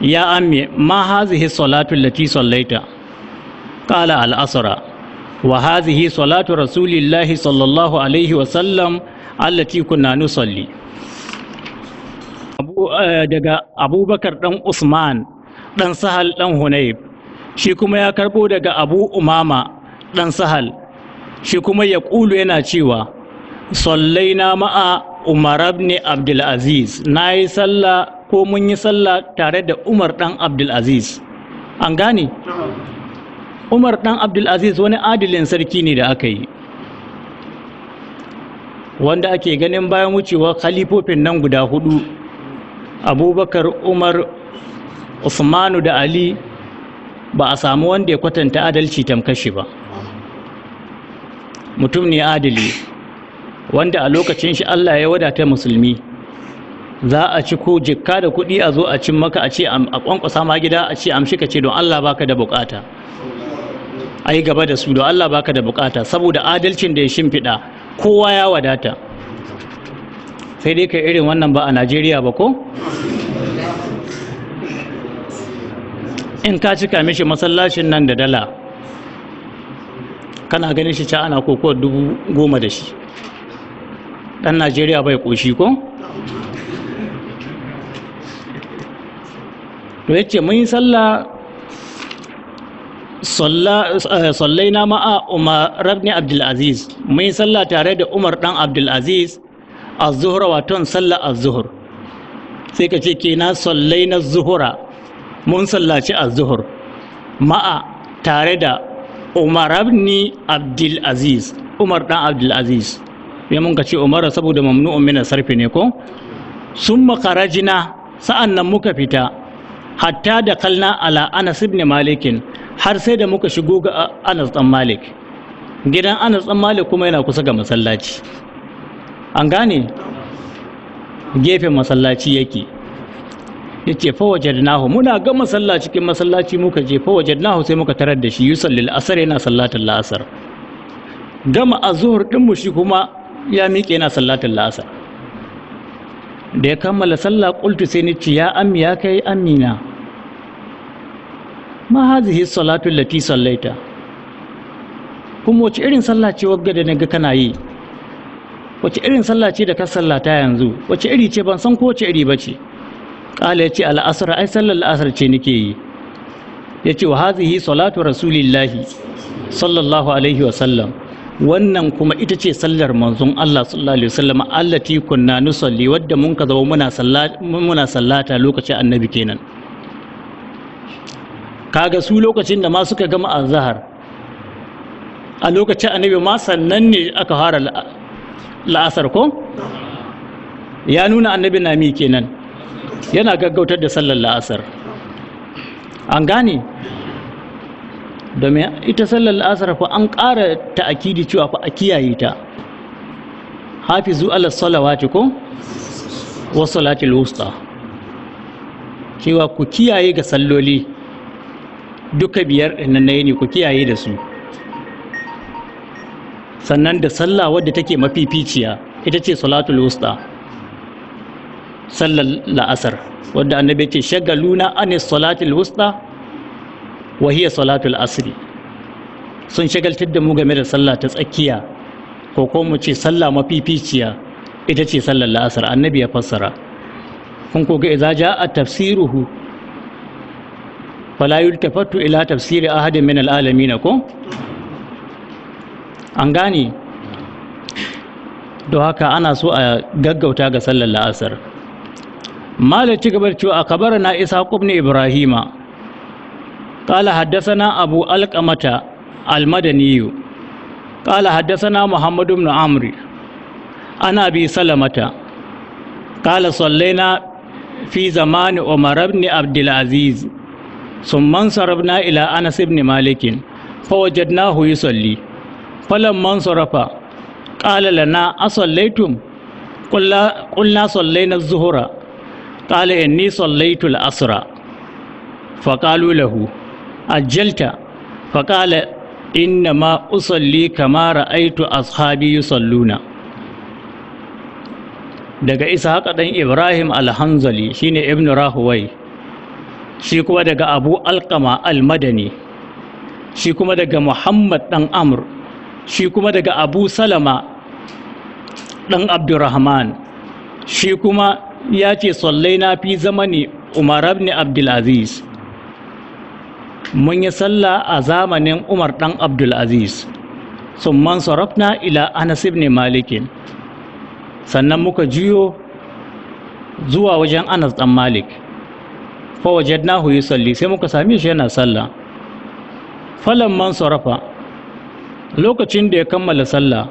يا أمي ما هذه الصلاة التي صليت قال الأسرى وهذه صلاة رسول الله صلى الله عليه وسلم التي كنا نصلي daga abubakar ɗan usman ɗan sahal ɗan hunayb shi kuma ya karɓo daga abu umama ɗan sahal shi kuma ya ƙulu yana cewa na ma'a umar ibn abdulaziz na yi sallah ko mun yi sallah tare da umar ɗan abdulaziz an gane umar ɗan abdulaziz wani adilin sarki ne da aka yi wanda ake ganin bayan wucewa khalifofin nan guda hudu abubakar umar usmanu da ali ba a samu wanda ya kwatanta adalci tamkashi ba mutum ne adali wanda a lokacin shi Allah ya wadata musulmi za a ci ko jikka da kuɗi a zo a cin maka a ce a kwankwasa ma gida a ce amshi ka ce don Allah baka da bukata a yi gaba da su don Allah baka da bukata saboda adalcin da ya shimfiɗa kowa ya wadata sai dai ka irin wannan ba a Najeriya ba ko? in ka cika mishi masallacin nan da dala kana ganin shi ca ana kokowar dubu goma da shi ɗan najeriya bai ƙoshi ko to ya ce mun yi sallah eh, sallai na ma'a umar rabni abdulaziz mun yi sallah tare da umar ɗan abdulaziz a zuhura waton sallah a zuhur sai ka ce kena sallai na zuhura mun sallaci a zuhur ma'a tare da umar abni abdul umar dan abdul aziz ya mun ka ce umar saboda mamnu'un min sarfi ne ko sun makarajina sa'an nan muka fita hatta da kalna ala anas ibn malikin har sai da muka shigo ga anas dan malik gidan anas dan malik kuma yana kusa ga masallaci an gane gefen masallaci yake ya ce fa wajadnahu muna ga masalla cikin masallaci muka je fa wajadnahu sai muka tarar da shi yusallil asar yana sallatul la'asar gama azhur din mu shi kuma ya miƙe yana sallatul la'asar da ya kammala sallah qultu sai ni ce ya ammi ya kai amina ma hazihi salatu lati sallaita kuma wace irin sallah ce wagga da naga kana yi wace irin sallah ce da ka sallata yanzu wace iri ce ban san ko wace iri bace ce ƙala ya ce al'asar ai sallar al'asar ce nake yi ya ce wa hazihi salatu rasulillahi sallallahu alaihi wasallam wannan kuma ita ce sallar manzon Allah sallallahu alaihi wasallam allati kunna nusalli wadda mun ka zama muna sallata muna sallata lokacin annabi kenan kaga su lokacin da ma suka gama azhar a lokacin annabi ma sannan ne aka fara la'asar ko ya nuna annabi na mi kenan yana gaggautar da sallar la'asar an gane domin ita sallar la'asar fa an ƙara ta'akidi cewa fa a kiyaye ta hafizu ala salawati ko wasu salati lusta cewa ku kiyaye ga salloli duka biyar ɗin na yini ku kiyaye da su sannan da sallah wadda take mafificiya ita ce salatu lusta sallar la'asar wadda annabi ce shagaluna an salatul wusta wa hiya salatul asri sun shagaltar da mu game da sallah ta tsakiya ko ko mu ce sallah mafificiya ita ce sallar la'asar annabi ya fassara kun ko ga idza jaa tafsiruhu fala yultafatu ila tafsiri ahadin min na ko an gane don haka ana so a gaggauta ga sallar la'asar malam ci gabar cewa akabarana ishaq ibn ibrahima قال حدثنا أبو ألقمة المدني قال حدثنا محمد بن عمرو عن أبي سلمة قال صلينا في زمان عمر بن عبد العزيز ثم انصرفنا إلى أنس بن مالك فوجدناه يصلي فلما انصرف قال لنا أصليتم قلنا صلينا الظهر قال إني صليت الأسرى فقالوا له أجلت فقال إنما أصلي كما رأيت أصحابي يصلون daga ishaq ɗan ibrahim alhanzali shine ibn rahuwai shi kuma daga abu alkama almadani shi kuma daga muhammad ɗan amr shi kuma daga abu salama ɗan abdurrahman shi kuma ya ce na fi ne umar ibn abdulaziz mun yi sallah a zamanin umar dan abdulaziz man sarafna ila anasib ne malikin sannan muka juyo zuwa wajen anas dan malik fa na huyi Salli sai muka sami shi yana sallah Falon man sarafa lokacin da ya kammala sallah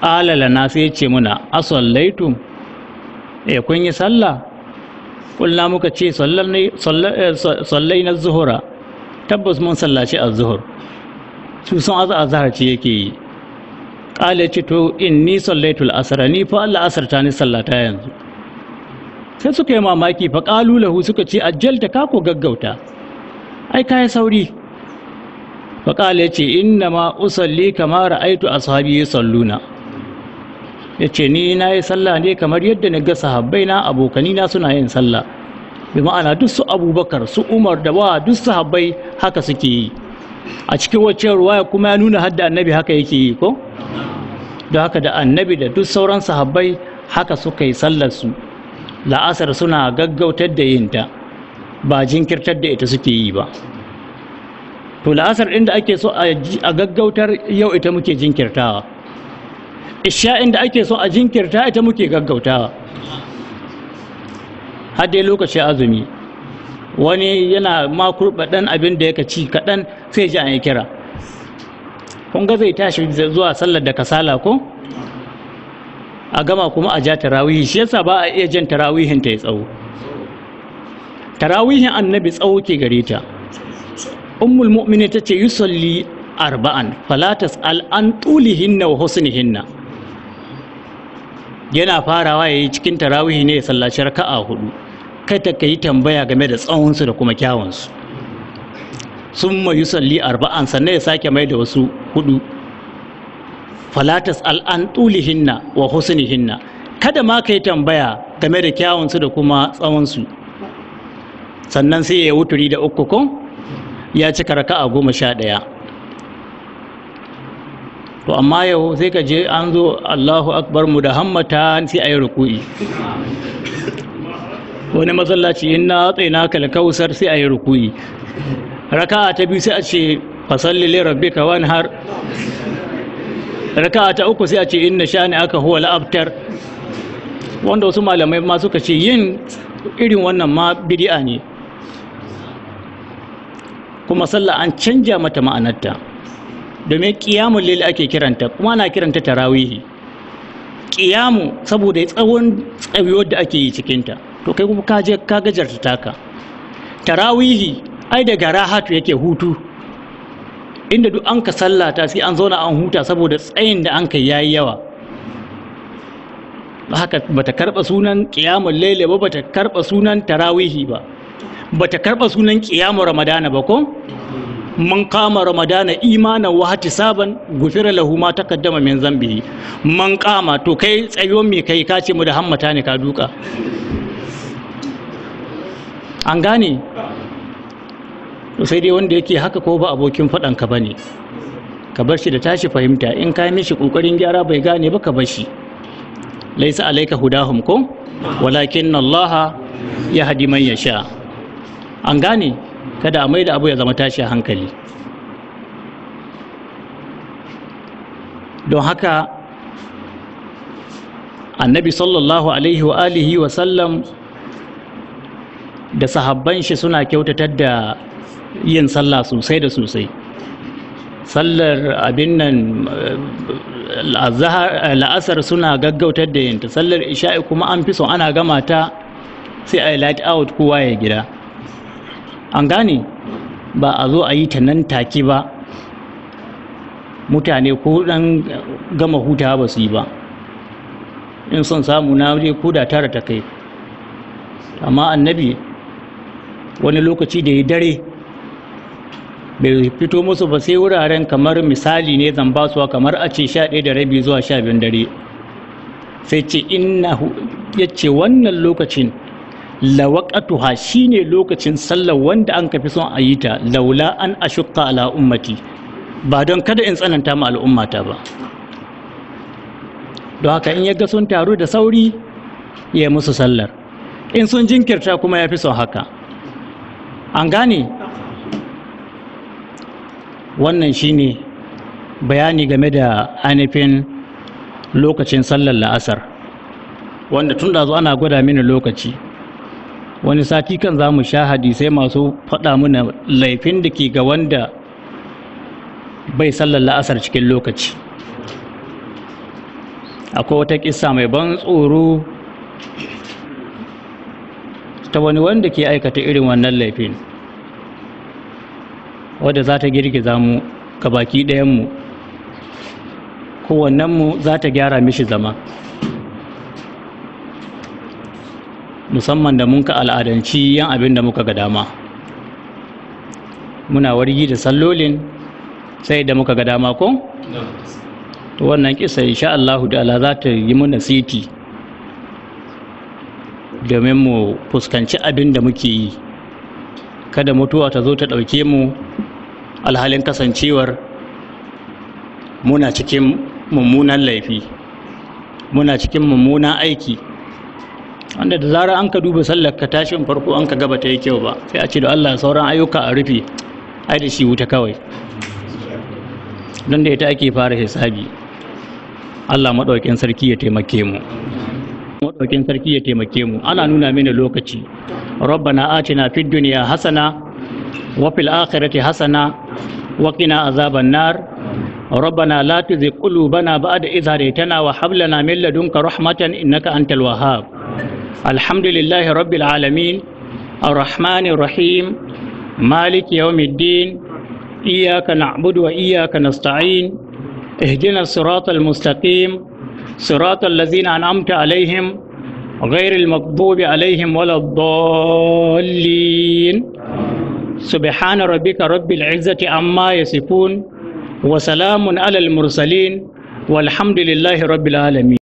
Ƙalala na sai ya ce muna asallaitum e kun yi sallah kullum muka ce eh, sallai na zuhura tabbas mun sallace a zuhur su sun azu a zahar ce yake yi ƙala ce to in ni sallaitul asara ni fa Allah ta ni sallata yanzu sai suka yi mamaki fa ƙalu lahu suka ce ajjalta ka ko gaggauta ai kai sauri fa ƙala ce inna ma usalli kamar aitu ashabi salluna ya ce ni na yi sallah ne kamar yadda na ga sahabbai na abokani na suna yin sallah bi ma'ana duk su abubakar su umar da wa duk sahabbai haka suke yi a cikin wacce ruwaya kuma ya nuna hadda annabi haka yake yi ko don haka da annabi da duk sauran sahabbai haka suka yi sallar su la'asar suna gaggautar da yinta ba jinkirtar da ita suke yi ba to la'asar ɗin da ake so a gaggautar yau ita muke jinkirtawa isha'in da ake so a jinkirta ita muke gaggautawa har dai lokacin azumi wani yana ma ɗan abin da yaka ci kaɗan sai ji an yi kira kun ga zai tashi zuwa sallar da kasala ko a gama kuma a ja tarawihi shi yasa ba a iya jan tarawihin ta ya tsawo tarawihin annabi tsawo ke gare ta ummul mu'mini ta ce yusalli arba'an falatas al'an tulihinna wa husnihinna yana farawa ya yi cikin tarawihi ne ya sallaci raka'a hudu kada ka yi tambaya game da tsawonsu da kuma kyawunsu sun mayu salli arba'an sannan ya sake mai da wasu hudu falatas al'an tulihinna wa husnihinna kada ma ka yi tambaya game da kyawunsu da kuma tsawonsu sannan sai ya wuturi da uku kun ya cika raka'a goma sha ɗaya to amma yau sai ka je an zo Allahu akbar mu da hammata sai ayi ruku'i wani masallaci in na tsina kalkausar sai ayi ruku'i raka'a ta biyu sai a ce fasalli li rabbika wanhar raka'a ta uku sai a ce inna shani aka huwa la'abtar wanda wasu malamai ma suka ce yin irin wannan ma bid'a ne kuma sallah an canja mata ma'anarta domin ƙiyamun lili ake kiranta kuma ana kiranta tarawihi Ƙiyamu saboda tsawon tsawiyar da ake yi cikinta, to kai kuma ka je ka taka tarawihi ai daga rahatu yake hutu inda duk an ka sallata sai an zauna an huta saboda tsayin da an kai yayi yawa haka bata karba sunan qiyamul layl ba bata karba sunan tarawihi ba bata karba sunan ƙiyamun ramadana ba ko man kama ramadana imanan wa sabon gufira lahu ma taqaddama min zambihi man kama to kai tsayon me kai ka ce mu da hammata ne ka duka an gane to sai dai wanda yake haka ko ba abokin faɗan ka bane ka bar shi da tashi fahimta in ka mishi kokarin gyara bai gane ba ka bar shi laisa alaika hudahum ko walakin Allah ya hadi man yasha an gane kada a mai da abu ya zama tashi hankali don haka annabi sallallahu alaihi wa alihi wa sallam da sahabban shi suna kyautatar da yin sallah sosai da sosai sallar abin nan la'asar suna gaggautar da yinta sallar isha'i kuma an fi son ana gama ta sai a yi light out kowa ya gida an gane ba a zo a yi ta nan take ba mutane ko dan gama hutawa ba su yi ba in son samu na wuri ko da tara ta kai amma annabi wani lokaci da ya dare bai fito musu ba sai wuraren kamar misali ne zan ba suwa kamar a ce sha ɗaya da rabi zuwa sha biyun dare sai ce inna ya ce wannan lokacin lawaqatuha shine lokacin sallar wanda an kafi son a yi ta laula an ashqa ala ummati ba don kada in tsananta ma al'ummata ba don haka in yaga sun taru da sauri ya musu sallar in sun jinkirta kuma ya fi son haka an gane wannan shine bayani game da ainihin lokacin sallar la'asar wanda tun da zo ana gwada mini lokaci wani sati kan za mu sha hadisai masu faɗa mana laifin da ke ga wanda bai sallar la'asar cikin lokaci akwai wata kisa mai ban tsoro ta wani wanda ke aikata irin wannan laifin wadda za ta girgiza mu ga baki ɗayanmu kowannenmu za ta gyara mishi zama musamman da mun ka al'adanci yan abin da muka ga dama muna wargi da sallolin sai da muka ga dama ko? to wannan kisa insha Allah da Allah za ta yi mana siti domin mu fuskanci abin da muke yi kada mutuwa ta zo ta ɗauke mu alhalin kasancewar muna cikin mummunan laifi muna cikin mummunan aiki wanda da zarar an ka duba sallar ka tashin farko an ka gaba ta yi kyau ba sai a ce da Allah sauran ayyuka a rufe ai da shi wuta kawai don da ita ake fara hisabi Allah madaukin sarki ya taimake mu madaukin sarki ya taimake mu ana nuna mini lokaci rabbana atina fid dunya hasana wa fil akhirati hasana wa qina azaban nar ربنا لا تزغ قلوبنا بعد إذ هديتنا وهب لنا من لدنك رحمة إنك أنت الوهاب الحمد لله رب العالمين الرحمن الرحيم مالك يوم الدين إياك نعبد وإياك نستعين اهدنا الصراط المستقيم صراط الذين أنعمت عليهم غير المغضوب عليهم ولا الضالين سبحان ربك رب العزة عما يصفون وسلام على المرسلين والحمد لله رب العالمين